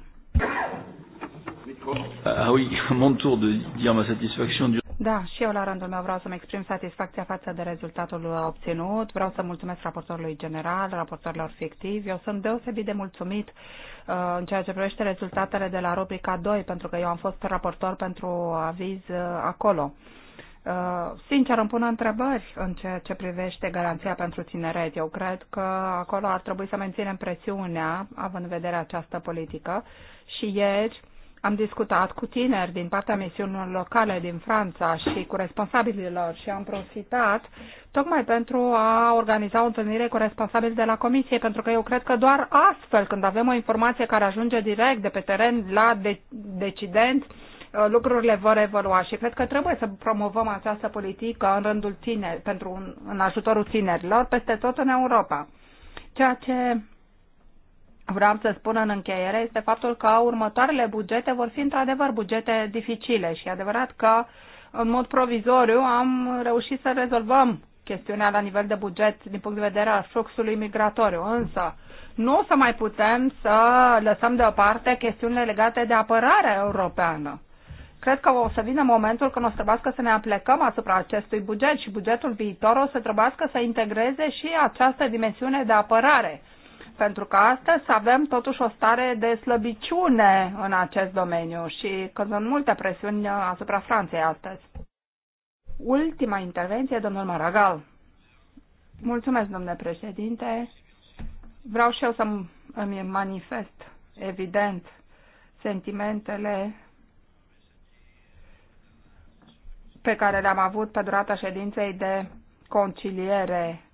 Ah oui, mon tour de dire ma satisfaction du... Da, și eu la rândul meu vreau să-mi exprim satisfacția față de rezultatul obținut. Vreau să mulțumesc raportorului general, raportorilor fictivi. Eu sunt deosebit de mulțumit uh, în ceea ce privește rezultatele de la rubrica 2, pentru că eu am fost raportor pentru aviz uh, acolo. Uh, sincer, îmi pun întrebări în ceea ce privește garanția pentru tineret. Eu cred că acolo ar trebui să menținem presiunea, având în vedere această politică. Și ieri, am discutat cu tineri din partea misiunilor locale din Franța și cu responsabililor și am profitat tocmai pentru a organiza o întâlnire cu responsabili de la comisie, pentru că eu cred că doar astfel, când avem o informație care ajunge direct de pe teren la de- decident, uh, lucrurile vor evolua și cred că trebuie să promovăm această politică în rândul tineri, pentru, în ajutorul tinerilor peste tot în Europa. Ceea ce vreau să spun în încheiere este faptul că următoarele bugete vor fi într-adevăr bugete dificile și e adevărat că în mod provizoriu am reușit să rezolvăm chestiunea la nivel de buget din punct de vedere al fluxului migratoriu. Însă nu o să mai putem să lăsăm deoparte chestiunile legate de apărarea europeană. Cred că o să vină momentul când o să trebuiască să ne aplecăm asupra acestui buget și bugetul viitor o să trebuiască să integreze și această dimensiune de apărare pentru că astăzi avem totuși o stare de slăbiciune în acest domeniu și că sunt multe presiuni asupra Franței astăzi. Ultima intervenție, domnul Maragal. Mulțumesc, domnule președinte. Vreau și eu să îmi manifest, evident, sentimentele pe care le-am avut pe durata ședinței de conciliere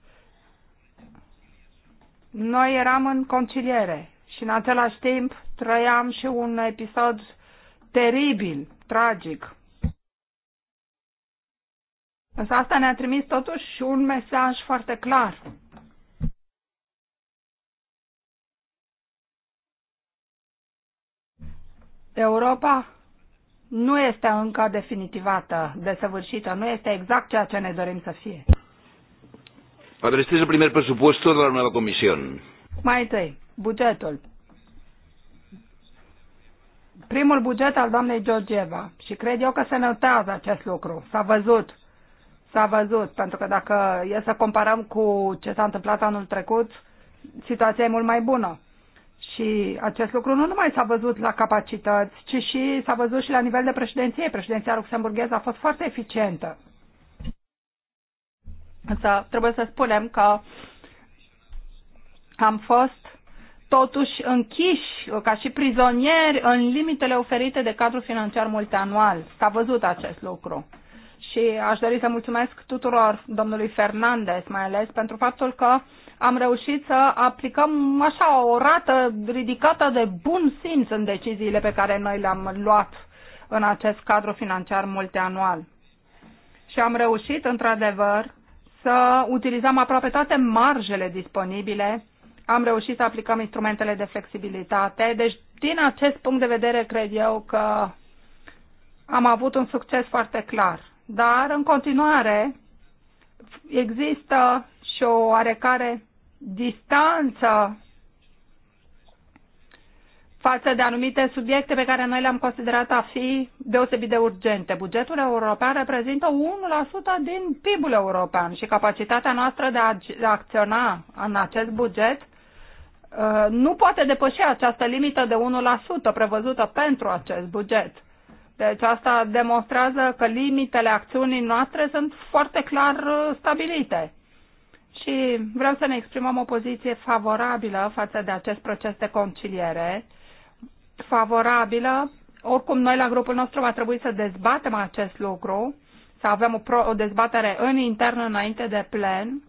noi eram în conciliere și în același timp trăiam și un episod teribil, tragic. Însă asta ne-a trimis totuși un mesaj foarte clar. Europa nu este încă definitivată, desăvârșită, nu este exact ceea ce ne dorim să fie. Ahora, este es el primer presupuesto de la nueva comisión. Mai întâi, bugetul. Primul buget al doamnei Georgieva și cred eu că se notează acest lucru. S-a văzut. S-a văzut, pentru că dacă e să comparăm cu ce s-a întâmplat anul trecut, situația e mult mai bună. Și acest lucru nu numai s-a văzut la capacități, ci și s-a văzut și la nivel de președinție. Președinția luxemburgheză a fost foarte eficientă. Însă trebuie să spunem că am fost totuși închiși ca și prizonieri în limitele oferite de cadru financiar multianual. S-a văzut acest lucru. Și aș dori să mulțumesc tuturor domnului Fernandez, mai ales pentru faptul că am reușit să aplicăm așa o rată ridicată de bun simț în deciziile pe care noi le-am luat în acest cadru financiar multianual. Și am reușit, într-adevăr, să utilizăm aproape toate marjele disponibile. Am reușit să aplicăm instrumentele de flexibilitate. Deci, din acest punct de vedere, cred eu că am avut un succes foarte clar. Dar, în continuare, există și o oarecare distanță față de anumite subiecte pe care noi le-am considerat a fi deosebit de urgente. Bugetul european reprezintă 1% din PIB-ul european și capacitatea noastră de a acționa în acest buget uh, nu poate depăși această limită de 1% prevăzută pentru acest buget. Deci asta demonstrează că limitele acțiunii noastre sunt foarte clar uh, stabilite. Și vreau să ne exprimăm o poziție favorabilă față de acest proces de conciliere favorabilă. Oricum, noi la grupul nostru va trebui să dezbatem acest lucru, să avem o, pro- o dezbatere în intern înainte de plen.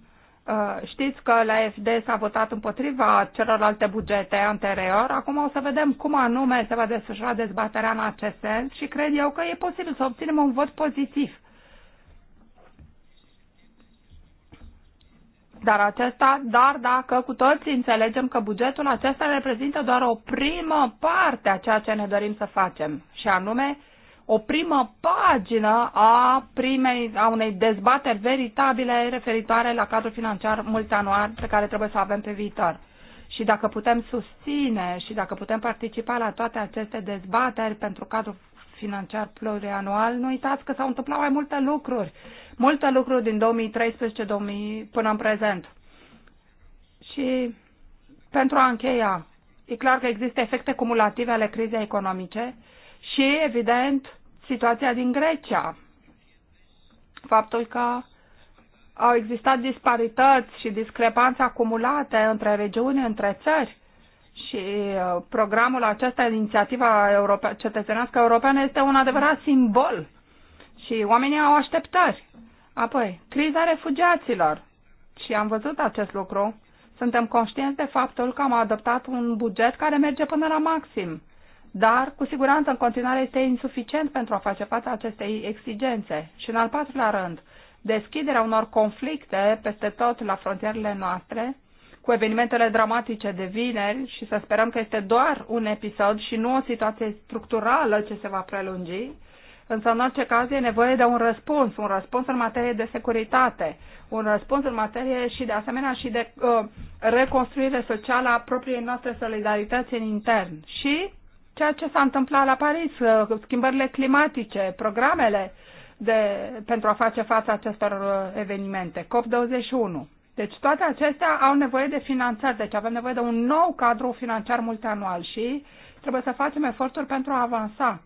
Uh, știți că la FD s-a votat împotriva celorlalte bugete anterior. Acum o să vedem cum anume se va desfășura dezbaterea în acest sens și cred eu că e posibil să obținem un vot pozitiv dar acesta, dar dacă cu toții înțelegem că bugetul acesta reprezintă doar o primă parte a ceea ce ne dorim să facem, și anume o primă pagină a, primei, a unei dezbateri veritabile referitoare la cadrul financiar multianual pe care trebuie să o avem pe viitor. Și dacă putem susține și dacă putem participa la toate aceste dezbateri pentru cadrul financiar plurianual, nu uitați că s-au întâmplat mai multe lucruri multe lucruri din 2013 2000, până în prezent. Și pentru a încheia, e clar că există efecte cumulative ale crizei economice și, evident, situația din Grecia. Faptul că au existat disparități și discrepanțe acumulate între regiuni, între țări și uh, programul acesta, inițiativa europe- cetățenească europeană, este un adevărat simbol și oamenii au așteptări. Apoi, criza refugiaților. Și am văzut acest lucru. Suntem conștienți de faptul că am adoptat un buget care merge până la maxim, dar cu siguranță în continuare este insuficient pentru a face față acestei exigențe. Și în al patrulea rând, deschiderea unor conflicte peste tot la frontierele noastre, cu evenimentele dramatice de vineri și să sperăm că este doar un episod și nu o situație structurală ce se va prelungi, Însă, în orice caz, e nevoie de un răspuns, un răspuns în materie de securitate, un răspuns în materie și, de asemenea, și de uh, reconstruire socială a propriei noastre solidarități în intern. Și ceea ce s-a întâmplat la Paris, uh, schimbările climatice, programele de, pentru a face față acestor uh, evenimente, COP21. Deci toate acestea au nevoie de finanțări, deci avem nevoie de un nou cadru financiar multianual și trebuie să facem eforturi pentru a avansa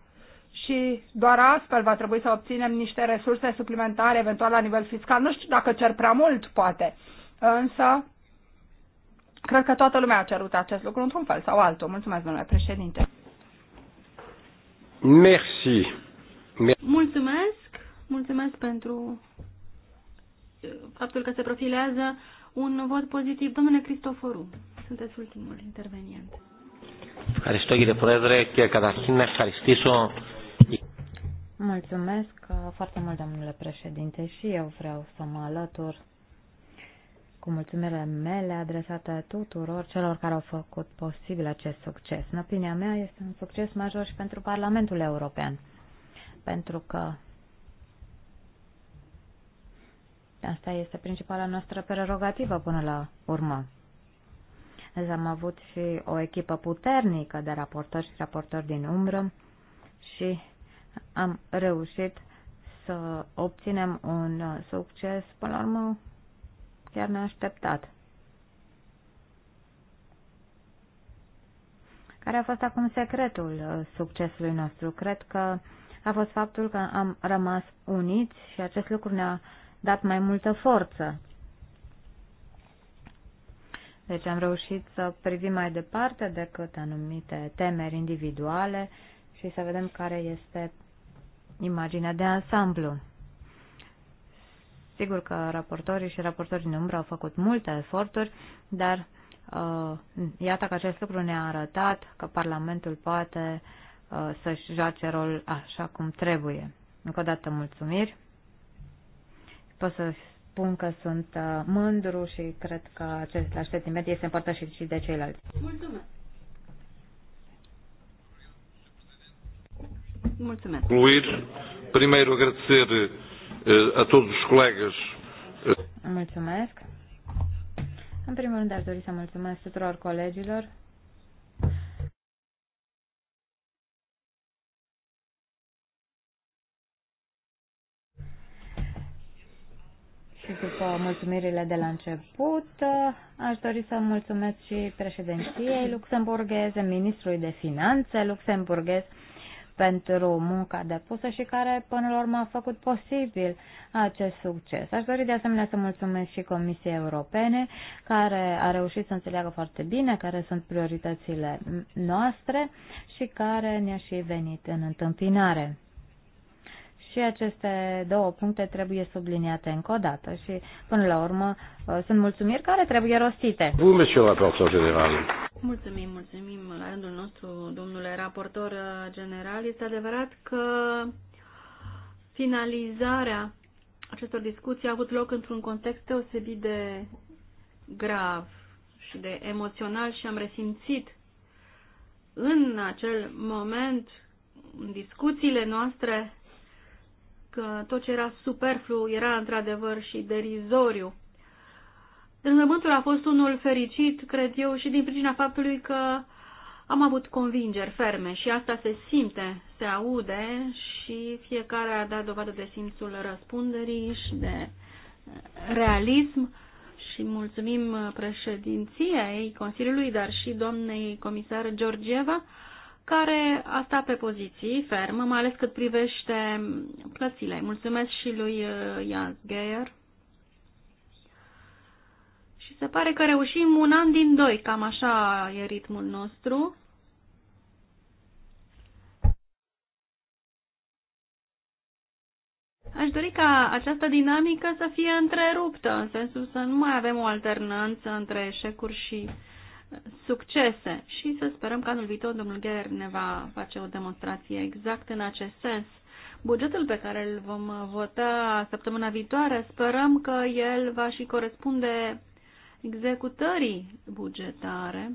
și doar astfel va trebui să obținem niște resurse suplimentare, eventual la nivel fiscal. Nu știu dacă cer prea mult, poate, însă cred că toată lumea a cerut acest lucru într-un fel sau altul. Mulțumesc, domnule președinte. Merci. Mulțumesc. Mulțumesc pentru uh, faptul că se profilează un vot pozitiv. Domnule Cristoforu, sunteți ultimul intervenient. Ευχαριστώ κύριε Πρόεδρε και καταρχήν να ευχαριστήσω Mulțumesc uh, foarte mult, domnule președinte, și eu vreau să mă alătur cu mulțumirile mele adresate tuturor celor care au făcut posibil acest succes. În opinia mea, este un succes major și pentru Parlamentul European, pentru că asta este principala noastră prerogativă până la urmă. Deci am avut și o echipă puternică de raportori și raportori din umbră și am reușit să obținem un uh, succes, până la urmă, chiar neașteptat. Care a fost acum secretul uh, succesului nostru? Cred că a fost faptul că am rămas uniți și acest lucru ne-a dat mai multă forță. Deci am reușit să privim mai departe decât anumite temeri individuale și să vedem care este imaginea de ansamblu. Sigur că raportorii și raportorii din umbră au făcut multe eforturi, dar uh, iată că acest lucru ne-a arătat că Parlamentul poate uh, să-și joace rol așa cum trebuie. Încă o dată mulțumiri. Pot să spun că sunt uh, mândru și cred că acest sentiment este împărtășit și de ceilalți. Mulțumesc! Mulțumesc. Concluir, primeiro agradecer eh, a todos os colegas. Eh, mulțumesc. În primul rând aș dori să mulțumesc tuturor colegilor și după mulțumirile de la început, aș dori să mulțumesc și președinției luxemburgheze, ministrului de finanțe luxemburghez, pentru munca depusă și care până la urmă a făcut posibil acest succes. Aș dori de asemenea să mulțumesc și Comisiei Europene care a reușit să înțeleagă foarte bine care sunt prioritățile noastre și care ne-a și venit în întâmpinare. Și aceste două puncte trebuie subliniate încă o dată și, până la urmă, uh, sunt mulțumiri care trebuie rostite. Bună și raportor general. Mulțumim, mulțumim la rândul nostru, domnule raportor general. Este adevărat că finalizarea acestor discuții a avut loc într-un context deosebit de grav și de emoțional și am resimțit în acel moment în discuțiile noastre că tot ce era superflu era într-adevăr și derizoriu. Înlământul a fost unul fericit, cred eu, și din pricina faptului că am avut convingeri ferme și asta se simte, se aude și fiecare a dat dovadă de simțul răspunderii și de eh, realism și mulțumim eh, președinției Consiliului, dar și doamnei comisar Georgieva care a stat pe poziții fermă, mai ales cât privește plățile. Mulțumesc și lui uh, Jans Geier. Și se pare că reușim un an din doi, cam așa e ritmul nostru. Aș dori ca această dinamică să fie întreruptă, în sensul să nu mai avem o alternanță între eșecuri și succese și să sperăm că anul viitor domnul Gher ne va face o demonstrație exact în acest sens. Bugetul pe care îl vom vota săptămâna viitoare, sperăm că el va și corespunde executării bugetare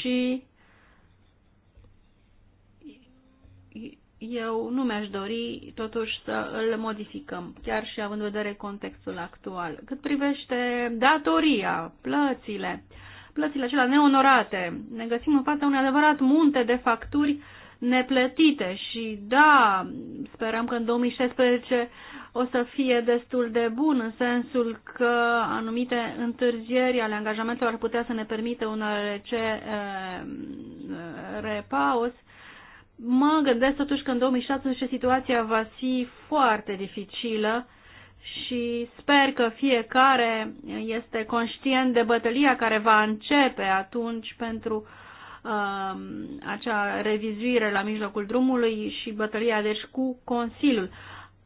și eu nu mi-aș dori totuși să îl modificăm, chiar și având în vedere contextul actual. Cât privește datoria, plățile, uh, plățile acelea neonorate. Ne găsim în fața unui adevărat munte de facturi neplătite și da, sperăm că în 2016 o să fie destul de bun în sensul că anumite întârzieri ale angajamentelor ar putea să ne permită un RC eh, repaus. Mă gândesc totuși că în 2016 situația va fi foarte dificilă și sper că fiecare este conștient de bătălia care va începe atunci pentru uh, acea revizuire la mijlocul drumului și bătălia deci cu Consiliul.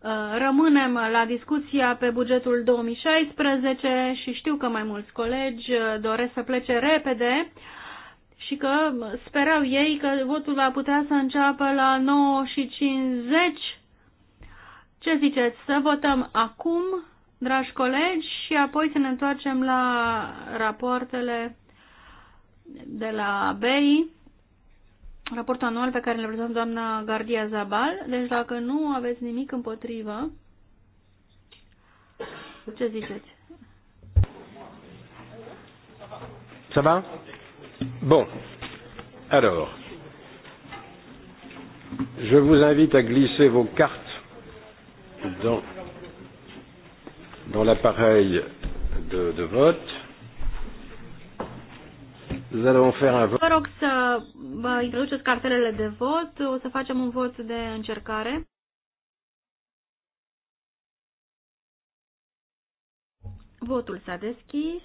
Uh, rămânem la discuția pe bugetul 2016 și știu că mai mulți colegi uh, doresc să plece repede și că sperau ei că votul va putea să înceapă la 9 și 50 ce ziceți? Să votăm acum, dragi colegi, și apoi să ne întoarcem la rapoartele de la BEI, raportul anual pe care le prezentăm doamna Gardia Zabal. Deci dacă nu aveți nimic împotrivă, ce ziceți? Ça va Bon. Alors, je vous invite à glisser vos cartes dans, dans l'appareil de, de vote. Nous allons faire un vote. Vă rog să vă introduceți cartelele de vot. O să facem un vot de încercare. Votul s-a deschis.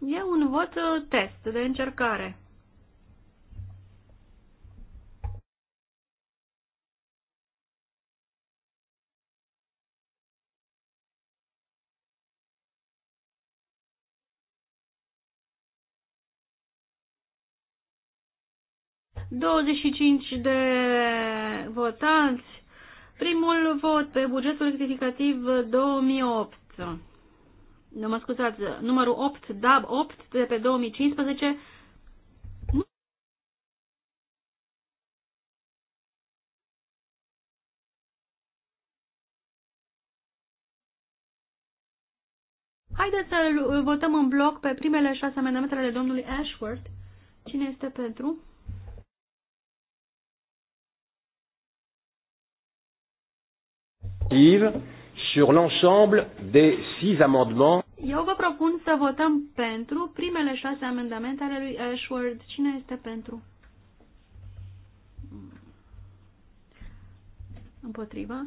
E un vot test de încercare. 25 de votanți. Primul vot pe bugetul rectificativ 2008. Nu mă scuzați, numărul 8, DAB 8 de pe 2015. Haideți să votăm în bloc pe primele șase amendamente ale domnului Ashworth. Cine este pentru? sur l'ensemble des six amendements. Eu vă propun să votăm pentru primele șase amendamente ale lui Ashworth. Cine este pentru? Împotriva?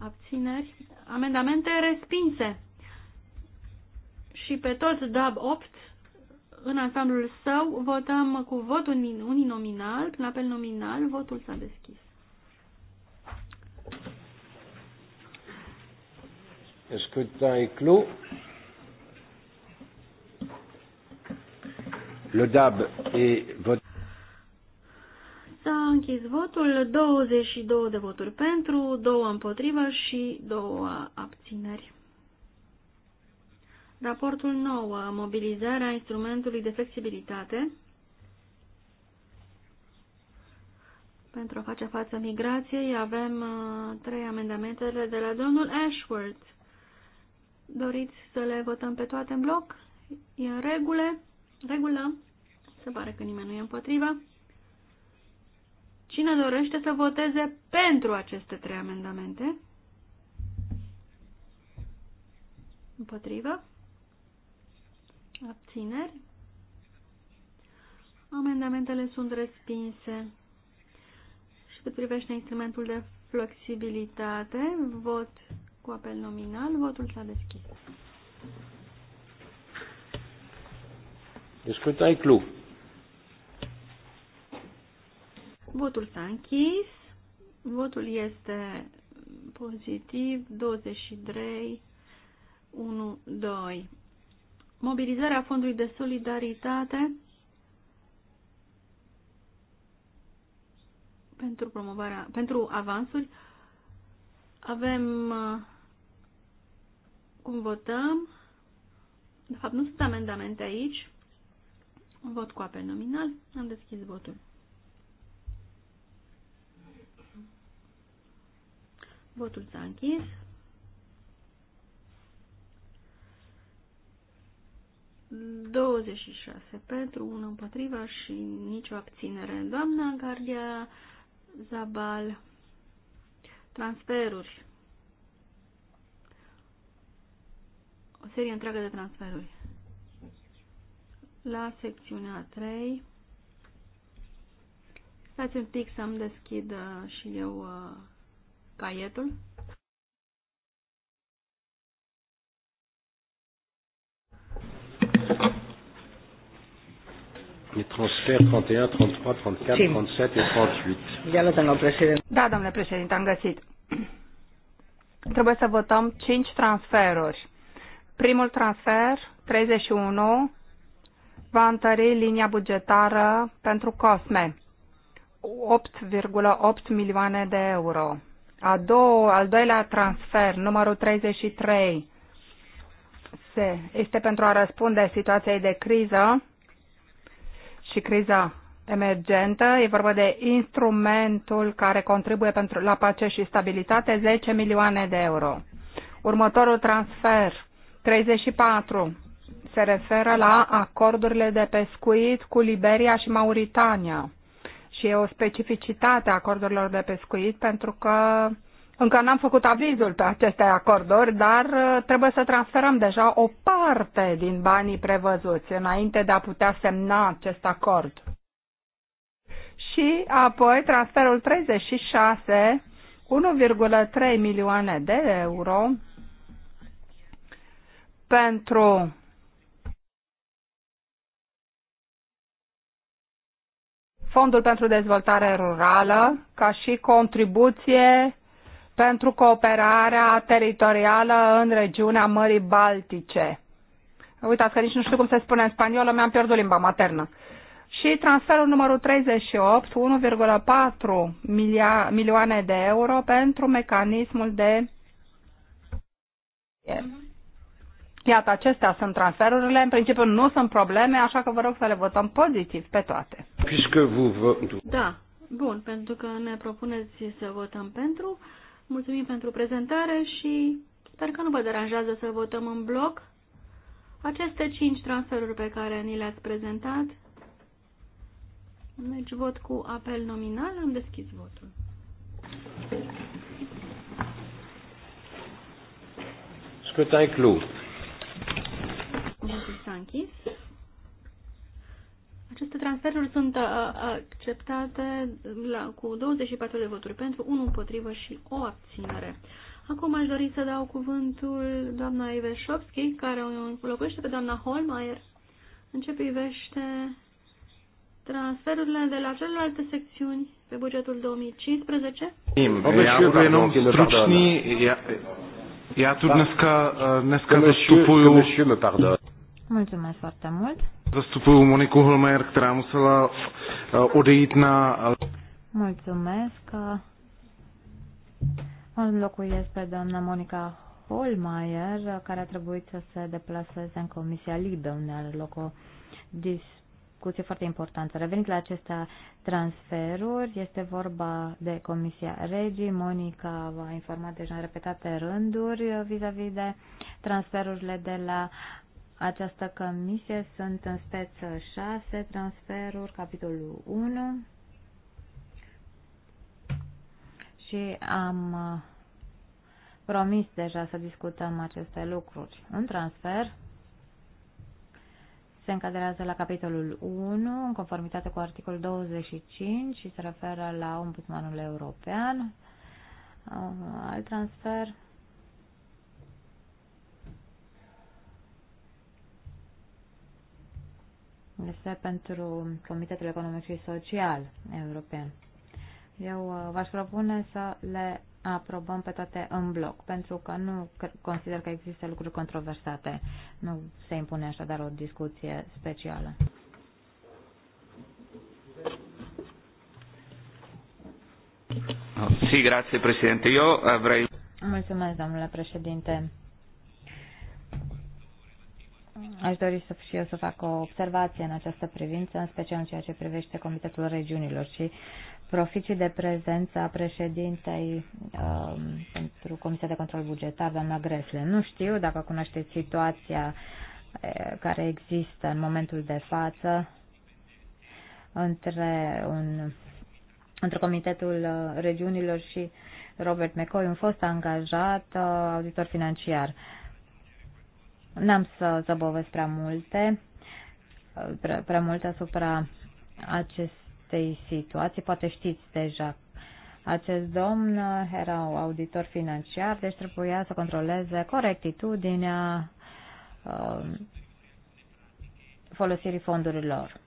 Abțineri? Amendamente respinse. Și pe toți DAB 8 în ansamblul său votăm cu vot uninominal, prin apel nominal, votul s-a deschis. Scrutin est clos. Le DAB e vot. S-a închis votul, 22 de voturi pentru, 2 împotrivă și 2 abțineri. Raportul 9. Mobilizarea instrumentului de flexibilitate pentru a face față migrației. Avem uh, trei amendamentele de la domnul Ashworth. Doriți să le votăm pe toate în bloc? E în regulă. regulă. Se pare că nimeni nu e împotrivă. Cine dorește să voteze pentru aceste trei amendamente? Împotrivă? abțineri. Amendamentele sunt respinse. Și cât privește instrumentul de flexibilitate, vot cu apel nominal, votul s-a deschis. Discutai deci, clu. Votul s-a închis. Votul este pozitiv 23 1 2 mobilizarea Fondului de Solidaritate pentru promovarea, pentru avansuri. Avem uh, cum votăm. De fapt, nu sunt amendamente aici. Vot cu apel nominal. Am deschis votul. Votul s-a închis. 26 pentru, 1 împotriva și nicio abținere. Doamna Gardia Zabal, transferuri. O serie întreagă de transferuri. La secțiunea 3. Stați un pic să-mi deschid uh, și eu uh, caietul. Les transferts 31, 33, 34, Sim. 37 et 38. Iată, domnul președinte. Da, domnule președinte, am găsit. Trebuie să votăm 5 transferuri. Primul transfer, 31, va întări linia bugetară pentru COSME, 8,8 milioane de euro. A doua, al doilea transfer, numărul 33, se, este pentru a răspunde situației de criză și criza emergentă. E vorba de instrumentul care contribuie pentru, la pace și stabilitate, 10 milioane de euro. Următorul transfer, 34, se referă la acordurile de pescuit cu Liberia și Mauritania. Și e o specificitate a acordurilor de pescuit pentru că încă n-am făcut avizul pe aceste acorduri, dar uh, trebuie să transferăm deja o parte din banii prevăzuți înainte de a putea semna acest acord. Și apoi transferul 36, 1,3 milioane de euro pentru Fondul pentru Dezvoltare Rurală ca și contribuție pentru cooperarea teritorială în regiunea Mării Baltice. Uitați că nici nu știu cum se spune în spaniolă, mi-am pierdut limba maternă. Și transferul numărul 38, 1,4 milioane de euro pentru mecanismul de... Iată, acestea sunt transferurile. În principiu nu sunt probleme, așa că vă rog să le votăm pozitiv pe toate. Da, bun, pentru că ne propuneți să votăm pentru. Mulțumim pentru prezentare și sper că nu vă deranjează să votăm în bloc aceste cinci transferuri pe care ni le-ați prezentat. Deci vot cu apel nominal, am deschis votul. Scrutin clos. Votul s-a închis. Aceste transferuri sunt uh, uh, acceptate la, cu 24 de voturi pentru, 1 împotrivă și o abținere. Acum aș dori să dau cuvântul doamna Iveșovski, care o înlocuiește pe doamna Holmeier, în ce privește transferurile de la celelalte secțiuni pe bugetul 2015. Da. Mulțumesc foarte mult. Zastupuju Moniku Holmer, která musela eh, odejít na... Mulțumesc. înlocuiesc pe doamna Monica Holmeier, care a trebuit să se deplaseze în Comisia Libă, unde are loc o discuție foarte importantă. Revenind la aceste transferuri, este vorba de Comisia Regii. Monica va a informat deja în repetate rânduri vis-a-vis -vis de transferurile de la această comisie sunt în speță 6 transferuri, capitolul 1 și am uh, promis deja să discutăm aceste lucruri. Un transfer se încadrează la capitolul 1 în conformitate cu articolul 25 și se referă la Ombudsmanul European. Uh, alt transfer este pentru Comitetul Economic și Social European. Eu uh, v-aș propune să le aprobăm pe toate în bloc, pentru că nu consider că există lucruri controversate. Nu se impune așadar o discuție specială. Ah, sì, grazie Presidente. Io avrei... Mulțumesc, domnule președinte. Aș dori să, și eu să fac o observație în această privință, în special în ceea ce privește Comitetul Regiunilor și profit și de prezența președintei um, pentru Comisia de Control Bugetar, doamna Gresle. Nu știu dacă cunoașteți situația care există în momentul de față între, un, între Comitetul uh, Regiunilor și Robert McCoy, un fost angajat uh, auditor financiar. Uh, N-am să zăbovesc prea multe, prea, prea multe asupra acestei situații. Poate știți deja acest domn era un auditor financiar, deci trebuia să controleze corectitudinea um, folosirii fondurilor.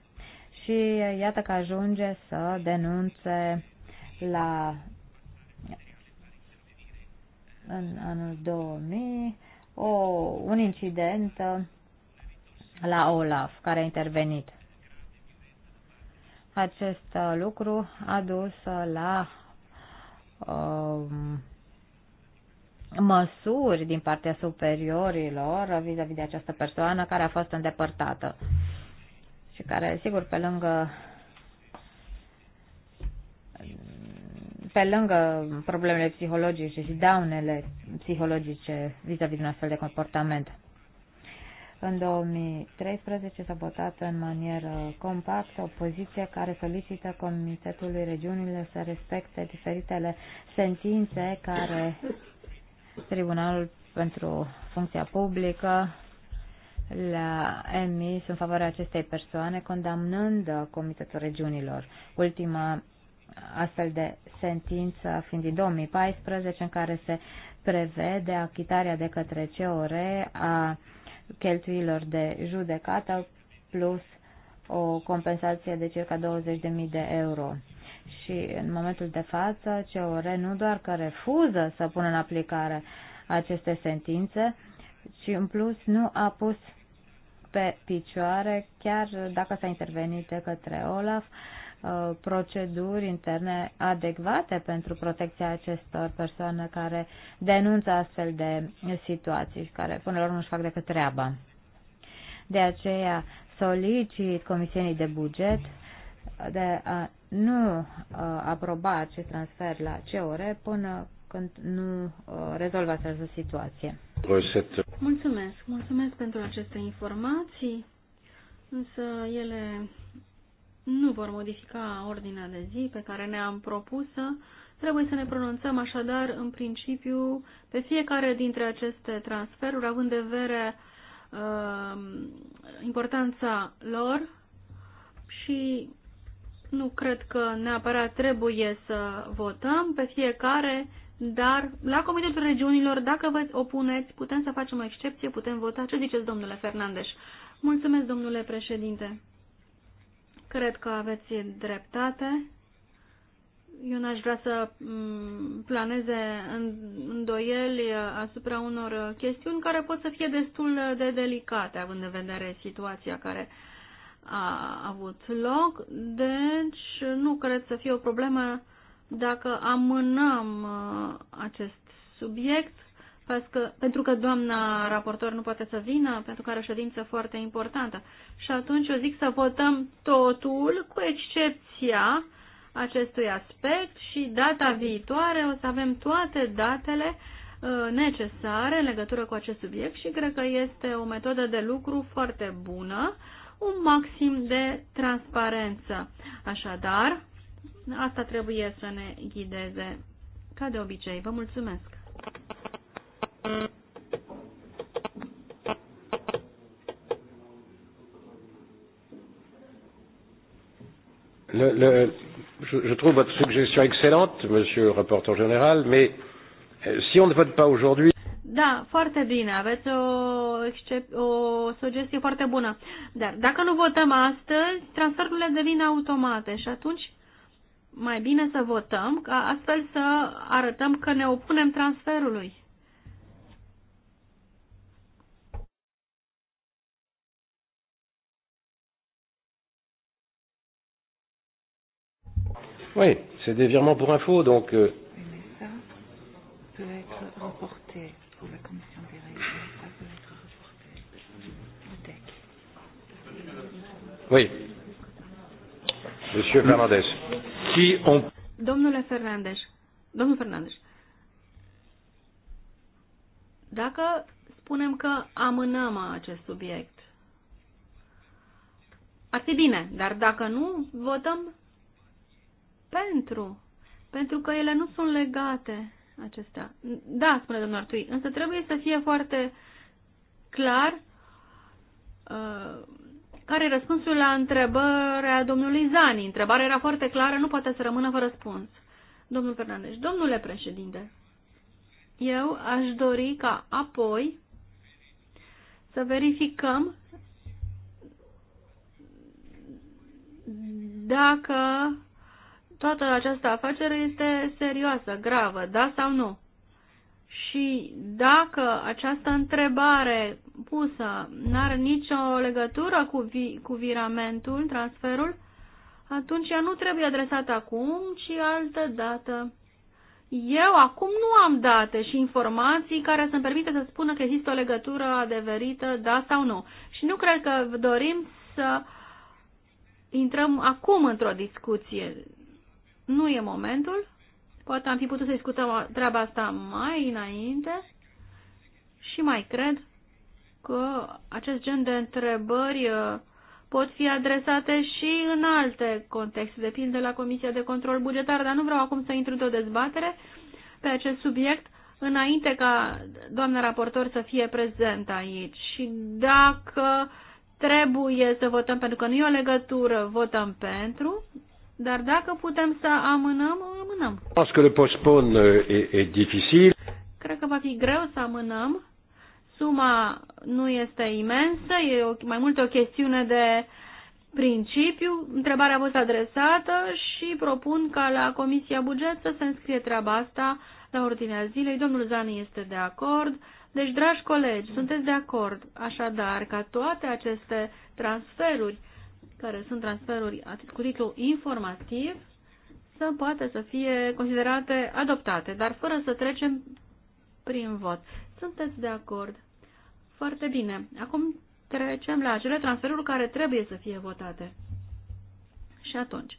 Și iată că ajunge să denunțe la în anul 2000 o, un incident uh, la OLAF care a intervenit. Acest uh, lucru a dus uh, la um, măsuri din partea superiorilor vis-a-vis -vis de această persoană care a fost îndepărtată și care, sigur, pe lângă pe lângă problemele psihologice și daunele psihologice vis-a-vis -vis un astfel de comportament. În 2013 s-a votat în manieră compactă o poziție care solicită Comitetului Regiunile să respecte diferitele sentințe care Tribunalul pentru Funcția Publică le-a emis în favoarea acestei persoane, condamnând Comitetul Regiunilor. Ultima astfel de sentință fiind din 2014 în care se prevede achitarea de către COR a cheltuielor de judecată plus o compensație de circa 20.000 de euro. Și în momentul de față, COR nu doar că refuză să pună în aplicare aceste sentințe, ci în plus nu a pus pe picioare, chiar dacă s-a intervenit de către Olaf, uh, Uh, proceduri interne adecvate pentru protecția acestor persoane care denunță astfel de situații și care până la urmă își fac decât treaba. De aceea solicit Comisiei de Buget de a nu uh, aproba acest transfer la ore până când nu uh, rezolvă această situație. Mulțumesc, mulțumesc pentru aceste informații, însă ele nu vor modifica ordinea de zi pe care ne-am propusă. Trebuie să ne pronunțăm așadar, în principiu, pe fiecare dintre aceste transferuri, având de vere uh, importanța lor și nu cred că neapărat trebuie să votăm pe fiecare, dar la Comitetul Regiunilor, dacă vă opuneți, putem să facem o excepție, putem vota. Ce ziceți, domnule Fernandes? Mulțumesc, domnule președinte. Cred că aveți dreptate. Eu n-aș vrea să mm, planeze îndoieli asupra unor chestiuni care pot să fie destul de delicate, având în vedere situația care a avut loc. Deci, nu cred să fie o problemă dacă amânăm uh, acest subiect Pască, păi pentru că doamna raportor nu poate să vină, pentru că are o ședință foarte importantă. Și atunci eu zic să votăm totul, cu excepția acestui aspect și data viitoare o să avem toate datele uh, necesare în legătură cu acest subiect și cred că este o metodă de lucru foarte bună, un maxim de transparență. Așadar, asta trebuie să ne ghideze ca de obicei. Vă mulțumesc! Le, le, je, je trouve votre suggestion excellente, monsieur le rapporteur général, mais euh, si on ne vote pas aujourd'hui. Da, foarte bine, aveți o, o sugestie foarte bună. Dar dacă nu votăm astăzi, transferurile devin automate și atunci mai bine să votăm, ca astfel să arătăm că ne opunem transferului. Oui, c'est des virements pour info, donc. Euh... Mais ça peut être reporté pour la commission des règles. Ça peut être reporté. Le DEC. Oui. Monsieur Fernandez. Qui ont. Domnule Fernandez. Domnule Fernandez. Dacă spunem că amânăm acest subiect, ar fi bine, dar dacă nu, votăm pentru, pentru că ele nu sunt legate acestea. Da, spune domnul Artui, însă trebuie să fie foarte clar uh, care e răspunsul la întrebarea domnului Zani. Întrebarea era foarte clară, nu poate să rămână fără răspuns. Domnul Fernandez, domnule președinte, eu aș dori ca apoi să verificăm dacă toată această afacere este serioasă, gravă, da sau nu? Și dacă această întrebare pusă nu are nicio legătură cu, vi, cu viramentul, transferul, atunci ea nu trebuie adresată acum, ci altă dată. Eu acum nu am date și informații care să-mi permite să spună că există o legătură adeverită, da sau nu. Și nu cred că dorim să intrăm acum într-o discuție nu e momentul. Poate am fi putut să discutăm treaba asta mai înainte și mai cred că acest gen de întrebări uh, pot fi adresate și în alte contexte, depinde de la Comisia de Control Bugetar, dar nu vreau acum să intru într-o dezbatere pe acest subiect înainte ca doamna raportor să fie prezent aici. Și dacă trebuie să votăm pentru că nu e o legătură, votăm pentru, dar dacă putem să amânăm, amânăm. Parce le postpone e, euh, e dificil. Cred că va fi greu să amânăm. Suma nu este imensă, e o, mai mult o chestiune de principiu. Întrebarea a fost adresată și propun ca la Comisia Buget să se înscrie treaba asta la ordinea zilei. Domnul Zani este de acord. Deci, dragi colegi, sunteți de acord așadar ca toate aceste transferuri care sunt transferuri cu titlu informativ, să poată să fie considerate adoptate, dar fără să trecem prin vot. Sunteți de acord? Foarte bine. Acum trecem la acele transferuri care trebuie să fie votate. Și atunci,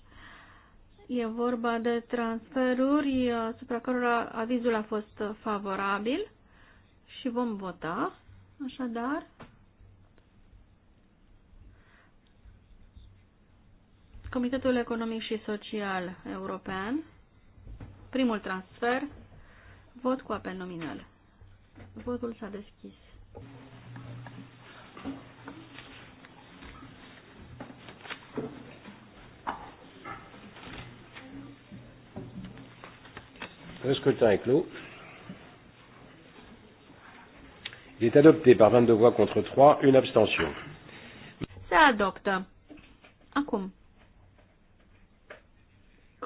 e vorba de transferuri asupra cărora avizul a fost favorabil și vom vota, așadar, Comitetul Economic și Social European, primul transfer, vot cu apel nominal. Votul s-a deschis. Le scrutin est clos. Il est adopté par 22 voix contre 3, une abstention. Se adoptă. Acum,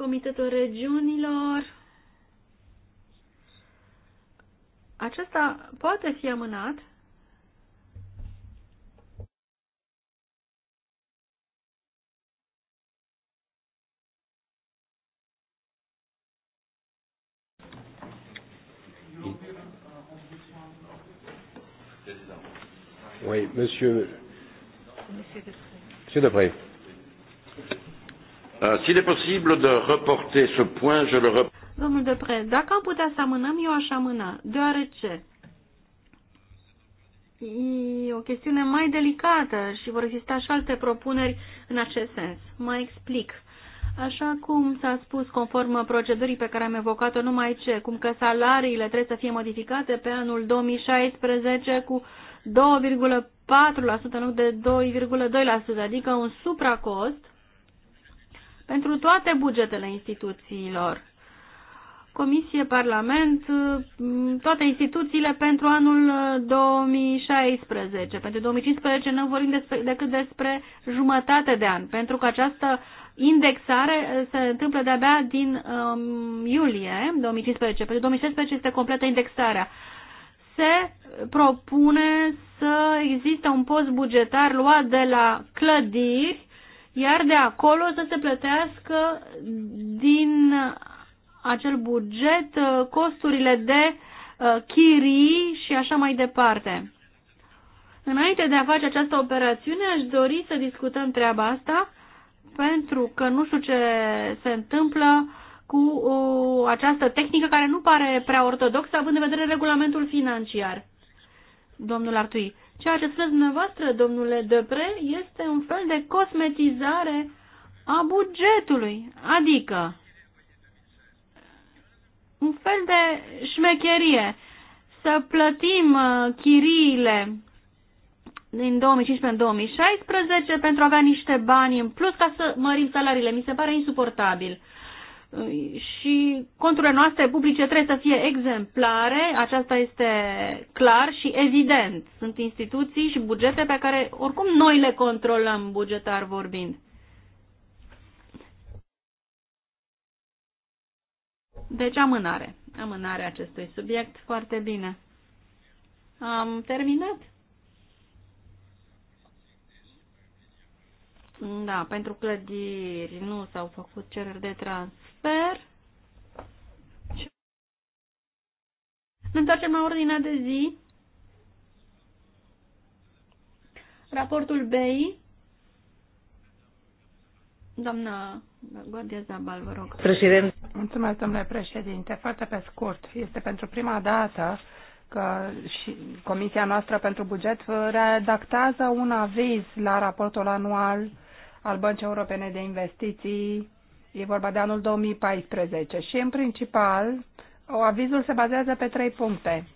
Comitetul Regiunilor. Acesta poate fi amânat Oui, monsieur. Monsieur Depré. Euh, s'il est possible de reporter ce point, je le reporte. Domnul Depre, dacă am putea să amânăm, eu aș amâna, deoarece e o chestiune mai delicată și vor exista și alte propuneri în acest sens. Mai explic. Așa cum s-a spus conform procedurii pe care am evocat-o numai ce, cum că salariile trebuie să fie modificate pe anul 2016 cu 2,4% în loc de 2,2%, adică un supracost pentru toate bugetele instituțiilor. Comisie, Parlament, toate instituțiile pentru anul 2016. Uh, pentru 2015 nu vorbim despre, decât despre jumătate de an, pentru că această indexare uh, se întâmplă de-abia din um, iulie 2015. Pentru 2016 este completă indexarea. Se propune să existe un post bugetar luat de la clădiri iar de acolo să se plătească din acel buget uh, costurile de uh, chirii și așa mai departe. Înainte de a face această operațiune, aș dori să discutăm treaba asta, pentru că nu știu ce se întâmplă cu uh, această tehnică care nu pare prea ortodoxă, având în vedere regulamentul financiar. Domnul Artui, Ceea ce spuneți dumneavoastră, domnule Depre, este un fel de cosmetizare a bugetului, adică un fel de șmecherie. Să plătim uh, chiriile din 2015 în 2016 pentru a avea niște bani în plus ca să mărim salariile. Mi se pare insuportabil și conturile noastre publice trebuie să fie exemplare, aceasta este clar și evident. Sunt instituții și bugete pe care oricum noi le controlăm bugetar vorbind. Deci amânare. amânare acestui subiect. Foarte bine. Am terminat. Da, pentru clădiri nu s-au făcut cereri de transfer. Ne întoarcem la ordinea de zi. Raportul BEI. Doamna Guardia Zabal, vă rog. Președinte. Mulțumesc, domnule președinte. Foarte pe scurt. Este pentru prima dată că și Comisia noastră pentru buget redactează un aviz la raportul anual al Băncii Europene de Investiții, e vorba de anul 2014 și în principal avizul se bazează pe trei puncte.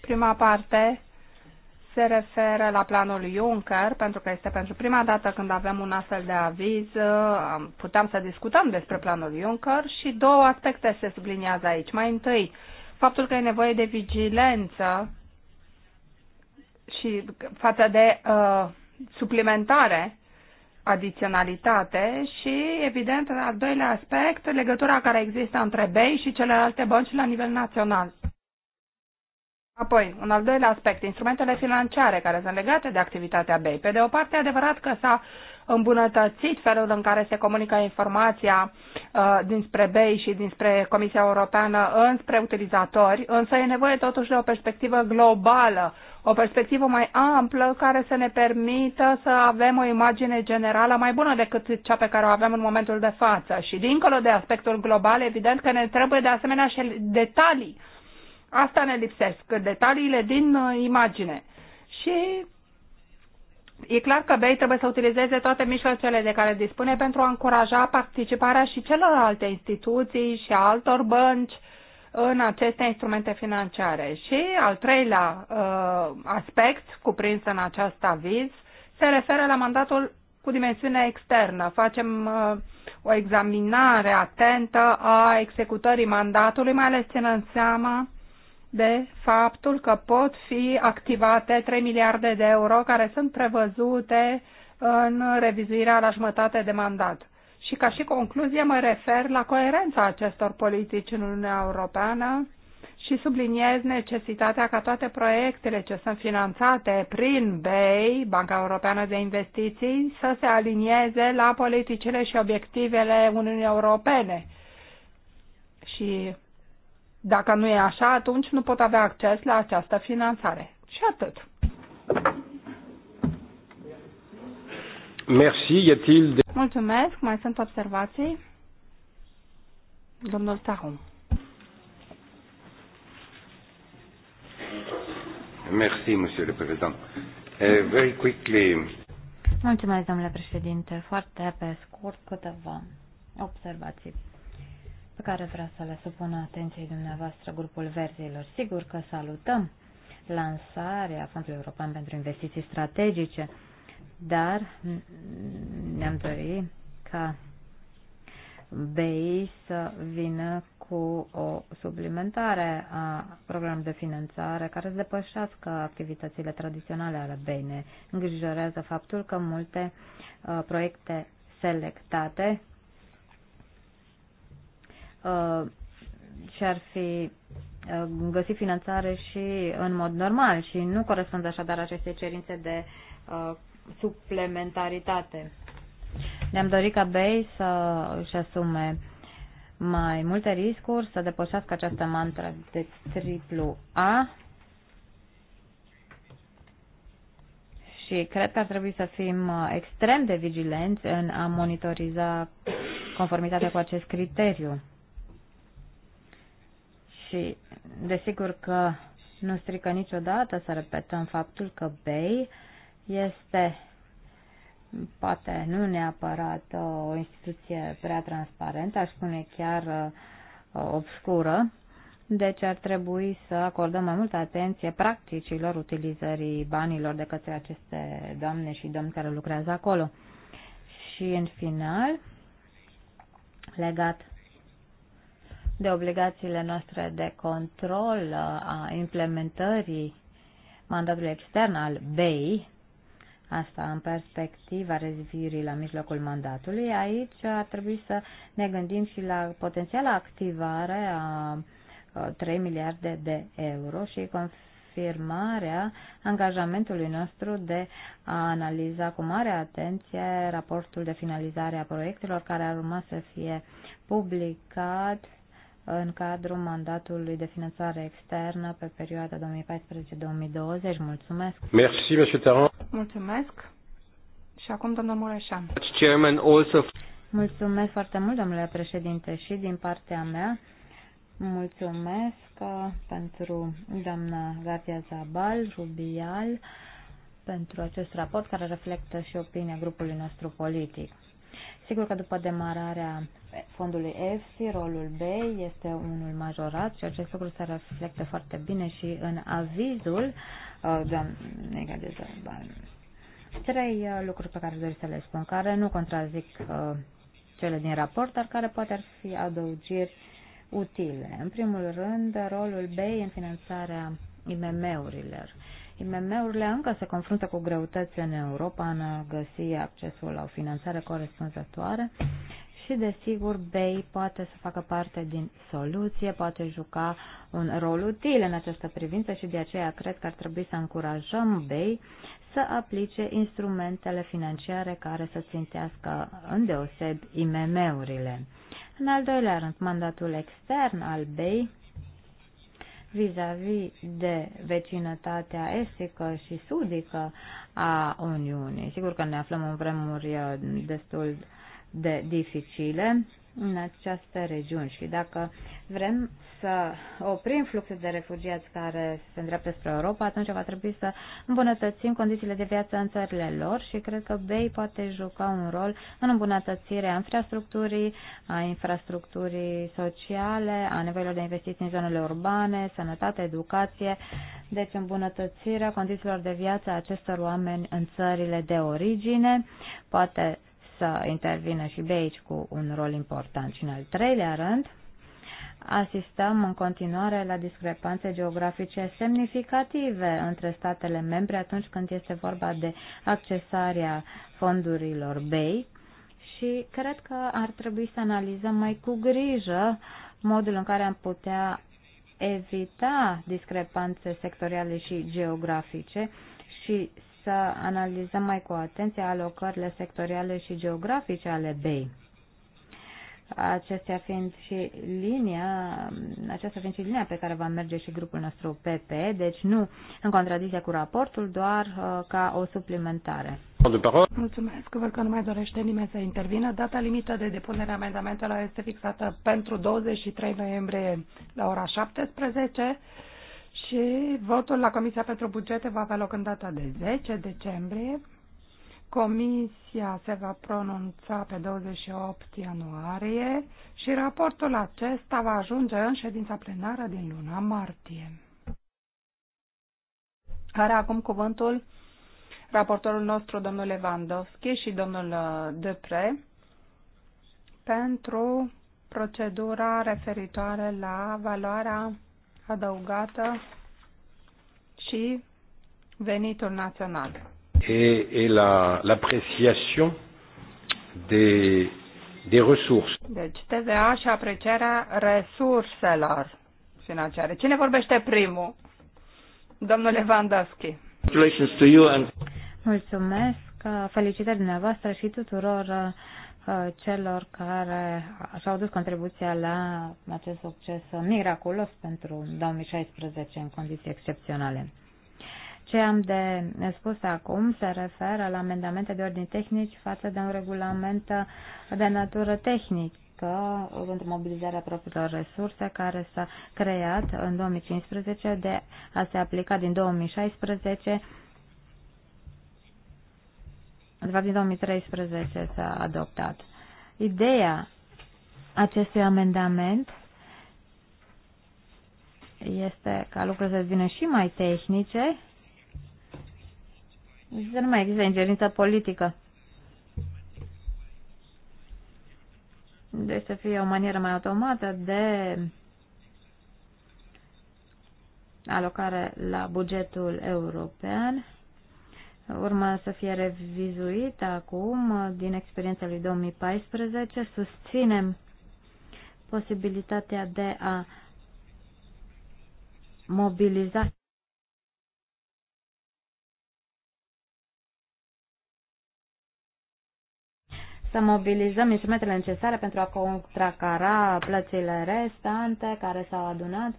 Prima parte se referă la planul Juncker, pentru că este pentru prima dată când avem un astfel de aviz, uh, puteam să discutăm despre planul Juncker și două aspecte se subliniază aici. Mai întâi, faptul că e nevoie de vigilență și față de uh, suplimentare, adiționalitate și, evident, al doilea aspect, legătura care există între BEI și celelalte bănci la nivel național. Apoi, un al doilea aspect, instrumentele financiare care sunt legate de activitatea BEI. Pe de o parte, e adevărat că s-a îmbunătățit felul în care se comunică informația uh, dinspre BEI și dinspre Comisia Europeană înspre utilizatori, însă e nevoie totuși de o perspectivă globală uh, o perspectivă mai amplă care să ne permită să avem o imagine generală mai bună decât cea pe care o avem în momentul de față. Și dincolo de aspectul global, evident că ne trebuie de asemenea și detalii. Asta ne lipsesc, detaliile din uh, imagine. Și E clar că BEI trebuie să utilizeze toate mijloacele de care dispune pentru a încuraja participarea și celorlalte instituții și a altor bănci în aceste instrumente financiare. Și al treilea uh, aspect cuprins în acest aviz se referă la mandatul cu dimensiune externă. Facem uh, o examinare atentă a executării mandatului, mai ales ținând seama de faptul că pot fi activate 3 miliarde de euro care sunt prevăzute în revizuirea la jumătate de mandat. Și ca și concluzie mă refer la coerența acestor politici în Uniunea Europeană și subliniez necesitatea ca toate proiectele ce sunt finanțate prin BEI, Banca Europeană de Investiții, să se alinieze la politicile și obiectivele Uniunii Europene. Și dacă nu e așa, atunci nu pot avea acces la această finanțare. Și atât. Merci, y a-t-il de... Mulțumesc, mai sunt observații? Domnul Tarum. Merci, monsieur le président. Uh, very quickly. Mulțumesc, domnule președinte. Foarte pe scurt câteva observații pe care vreau să le supun atenției dumneavoastră grupul verzilor. Sigur că salutăm lansarea Fondului European pentru Investiții Strategice, dar ne-am dorit ca BEI să vină cu o suplimentare a programului de finanțare care să depășească activitățile tradiționale ale BEI. Ne îngrijorează faptul că multe uh, proiecte selectate uh, și-ar fi uh, găsit finanțare și în mod normal și nu corespund așadar aceste cerințe de uh, suplementaritate. Ne-am dorit ca Bay să își asume mai multe riscuri, să depășească această mantră de triplu A și cred că ar trebui să fim extrem de vigilenți în a monitoriza conformitatea cu acest criteriu. Și desigur că nu strică niciodată să repetăm faptul că BEI este poate nu neapărat uh, o instituție prea transparentă, aș spune chiar uh, obscură, deci ar trebui să acordăm mai multă atenție practicilor utilizării banilor de către aceste doamne și domni care lucrează acolo. Și în final, legat de obligațiile noastre de control uh, a implementării mandatului extern al BEI, Asta în perspectiva rezivirii la mijlocul mandatului. Aici ar trebui să ne gândim și la potențiala activare a 3 miliarde de euro și confirmarea angajamentului nostru de a analiza cu mare atenție raportul de finalizare a proiectelor care ar urma să fie publicat în cadrul mandatului de finanțare externă pe perioada 2014-2020. Mulțumesc! Merci, Mulțumesc! Și acum, domnul Mureșan. Chairman also... Mulțumesc foarte mult, domnule președinte, și din partea mea. Mulțumesc uh, pentru doamna Gatia Zabal, Rubial, pentru acest raport care reflectă și opinia grupului nostru politic. Sigur că după demararea fondului EFSI, rolul B este unul majorat și acest lucru se reflectă foarte bine și în avizul uh, doamnei Gadeza. Trei uh, lucruri pe care doresc să le spun, care nu contrazic uh, cele din raport, dar care poate ar fi adăugiri utile. În primul rând, rolul B în finanțarea IMM-urilor. Uh, IMM-urile încă se confruntă cu greutăți în Europa în a găsi accesul la o finanțare corespunzătoare și, desigur, BEI poate să facă parte din soluție, poate juca un rol util în această privință și de aceea cred că ar trebui să încurajăm BEI să aplice instrumentele financiare care să țintească îndeoseb IMM-urile. În al doilea rând, mandatul extern al BEI vis-a-vis -vis de vecinătatea estică și sudică a Uniunii. Sigur că ne aflăm în vremuri uh, destul de dificile în aceste regiuni și dacă vrem să oprim fluxul de refugiați care se îndreaptă spre Europa, atunci va trebui să îmbunătățim condițiile de viață în țările lor și cred că BEI poate juca un rol în îmbunătățirea infrastructurii, a infrastructurii sociale, a nivelului de investiții în zonele urbane, sănătate, educație, deci îmbunătățirea condițiilor de viață a acestor oameni în țările de origine, poate să intervină și de aici cu un rol important. Și în al treilea rând, asistăm în continuare la discrepanțe geografice semnificative între statele membre atunci când este vorba de accesarea fondurilor BEI și cred că ar trebui să analizăm mai cu grijă modul în care am putea evita discrepanțe sectoriale și geografice și să analizăm mai cu atenție alocările sectoriale și geografice ale BEI. Acestea fiind și linia, aceasta fiind și linia pe care va merge și grupul nostru PP, deci nu în contradicție cu raportul, doar uh, ca o suplimentare. Mulțumesc, văd că nu mai dorește nimeni să intervină. Data limită de depunere a amendamentelor este fixată pentru 23 noiembrie la ora 17 și votul la Comisia pentru Bugete va avea loc în data de 10 decembrie. Comisia se va pronunța pe 28 ianuarie și raportul acesta va ajunge în ședința plenară din luna martie. Are acum cuvântul raportorul nostru, domnul Lewandowski și domnul uh, Depre, pentru procedura referitoare la valoarea adăugată și venitul național. Et, et l'appréciation la, des, des ressources. Deci TVA și aprecierea resurselor financiare. Cine vorbește primul? Domnul Lewandowski. Congratulations to you and... Mulțumesc, felicitări dumneavoastră și tuturor Uh, celor care și-au dus contribuția la acest succes miraculos pentru 2016 în condiții excepționale. Ce am de spus acum se referă la amendamente de ordin tehnici față de un regulament de natură tehnică pentru mobilizarea propriilor resurse care s-a creat în 2015 de a se aplica din 2016 de fapt din 2013 s-a adoptat. Ideea acestui amendament este ca lucrurile să devină și mai tehnice, să nu mai există ingerință politică. Deci să fie o manieră mai automată de alocare la bugetul european urma să fie revizuită acum din experiența lui 2014. Susținem posibilitatea de a mobiliza să mobilizăm instrumentele necesare pentru a contracara plățile restante care s-au adunat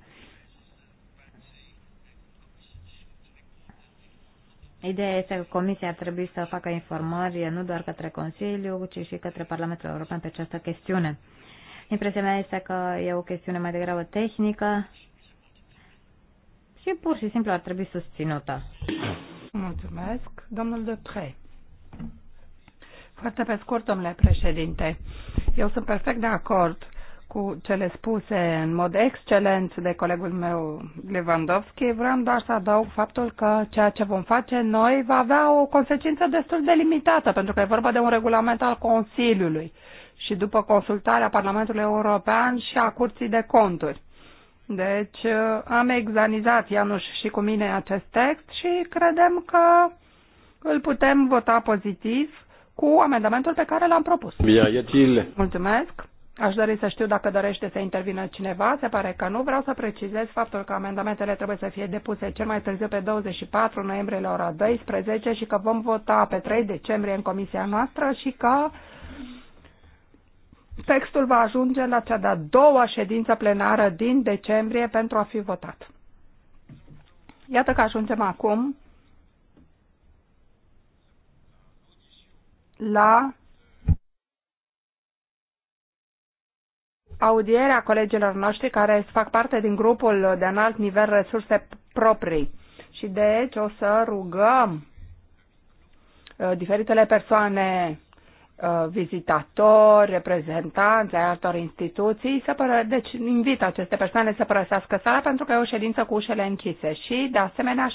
Ideea este că Comisia ar trebui să facă informări nu doar către Consiliu, ci și către Parlamentul European pe această chestiune. Impresia mea este că e o chestiune mai degrabă tehnică și pur și simplu ar trebui susținută. Mulțumesc. Domnul Depre. Foarte pe scurt, domnule președinte. Eu sunt perfect de acord cu cele spuse în mod excelent de colegul meu Lewandowski, vreau doar să adaug faptul că ceea ce vom face noi va avea o consecință destul de limitată, pentru că e vorba de un regulament al Consiliului și după consultarea Parlamentului European și a Curții de Conturi. Deci uh, am examinat Ianuș și cu mine acest text și credem că îl putem vota pozitiv cu amendamentul pe care l-am propus. Bine, Mulțumesc. Aș dori să știu dacă dorește să intervină cineva. Se pare că nu. Vreau să precizez faptul că amendamentele trebuie să fie depuse cel mai târziu pe 24 noiembrie la ora 12 și că vom vota pe 3 decembrie în comisia noastră și că textul va ajunge la cea de-a doua ședință plenară din decembrie pentru a fi votat. Iată că ajungem acum la audierea colegilor noștri care fac parte din grupul de înalt nivel resurse proprii. Și deci o să rugăm uh, diferitele persoane, uh, vizitatori, reprezentanți ai altor instituții, să pără... deci invit aceste persoane să părăsească sala pentru că e o ședință cu ușele închise. Și, de asemenea,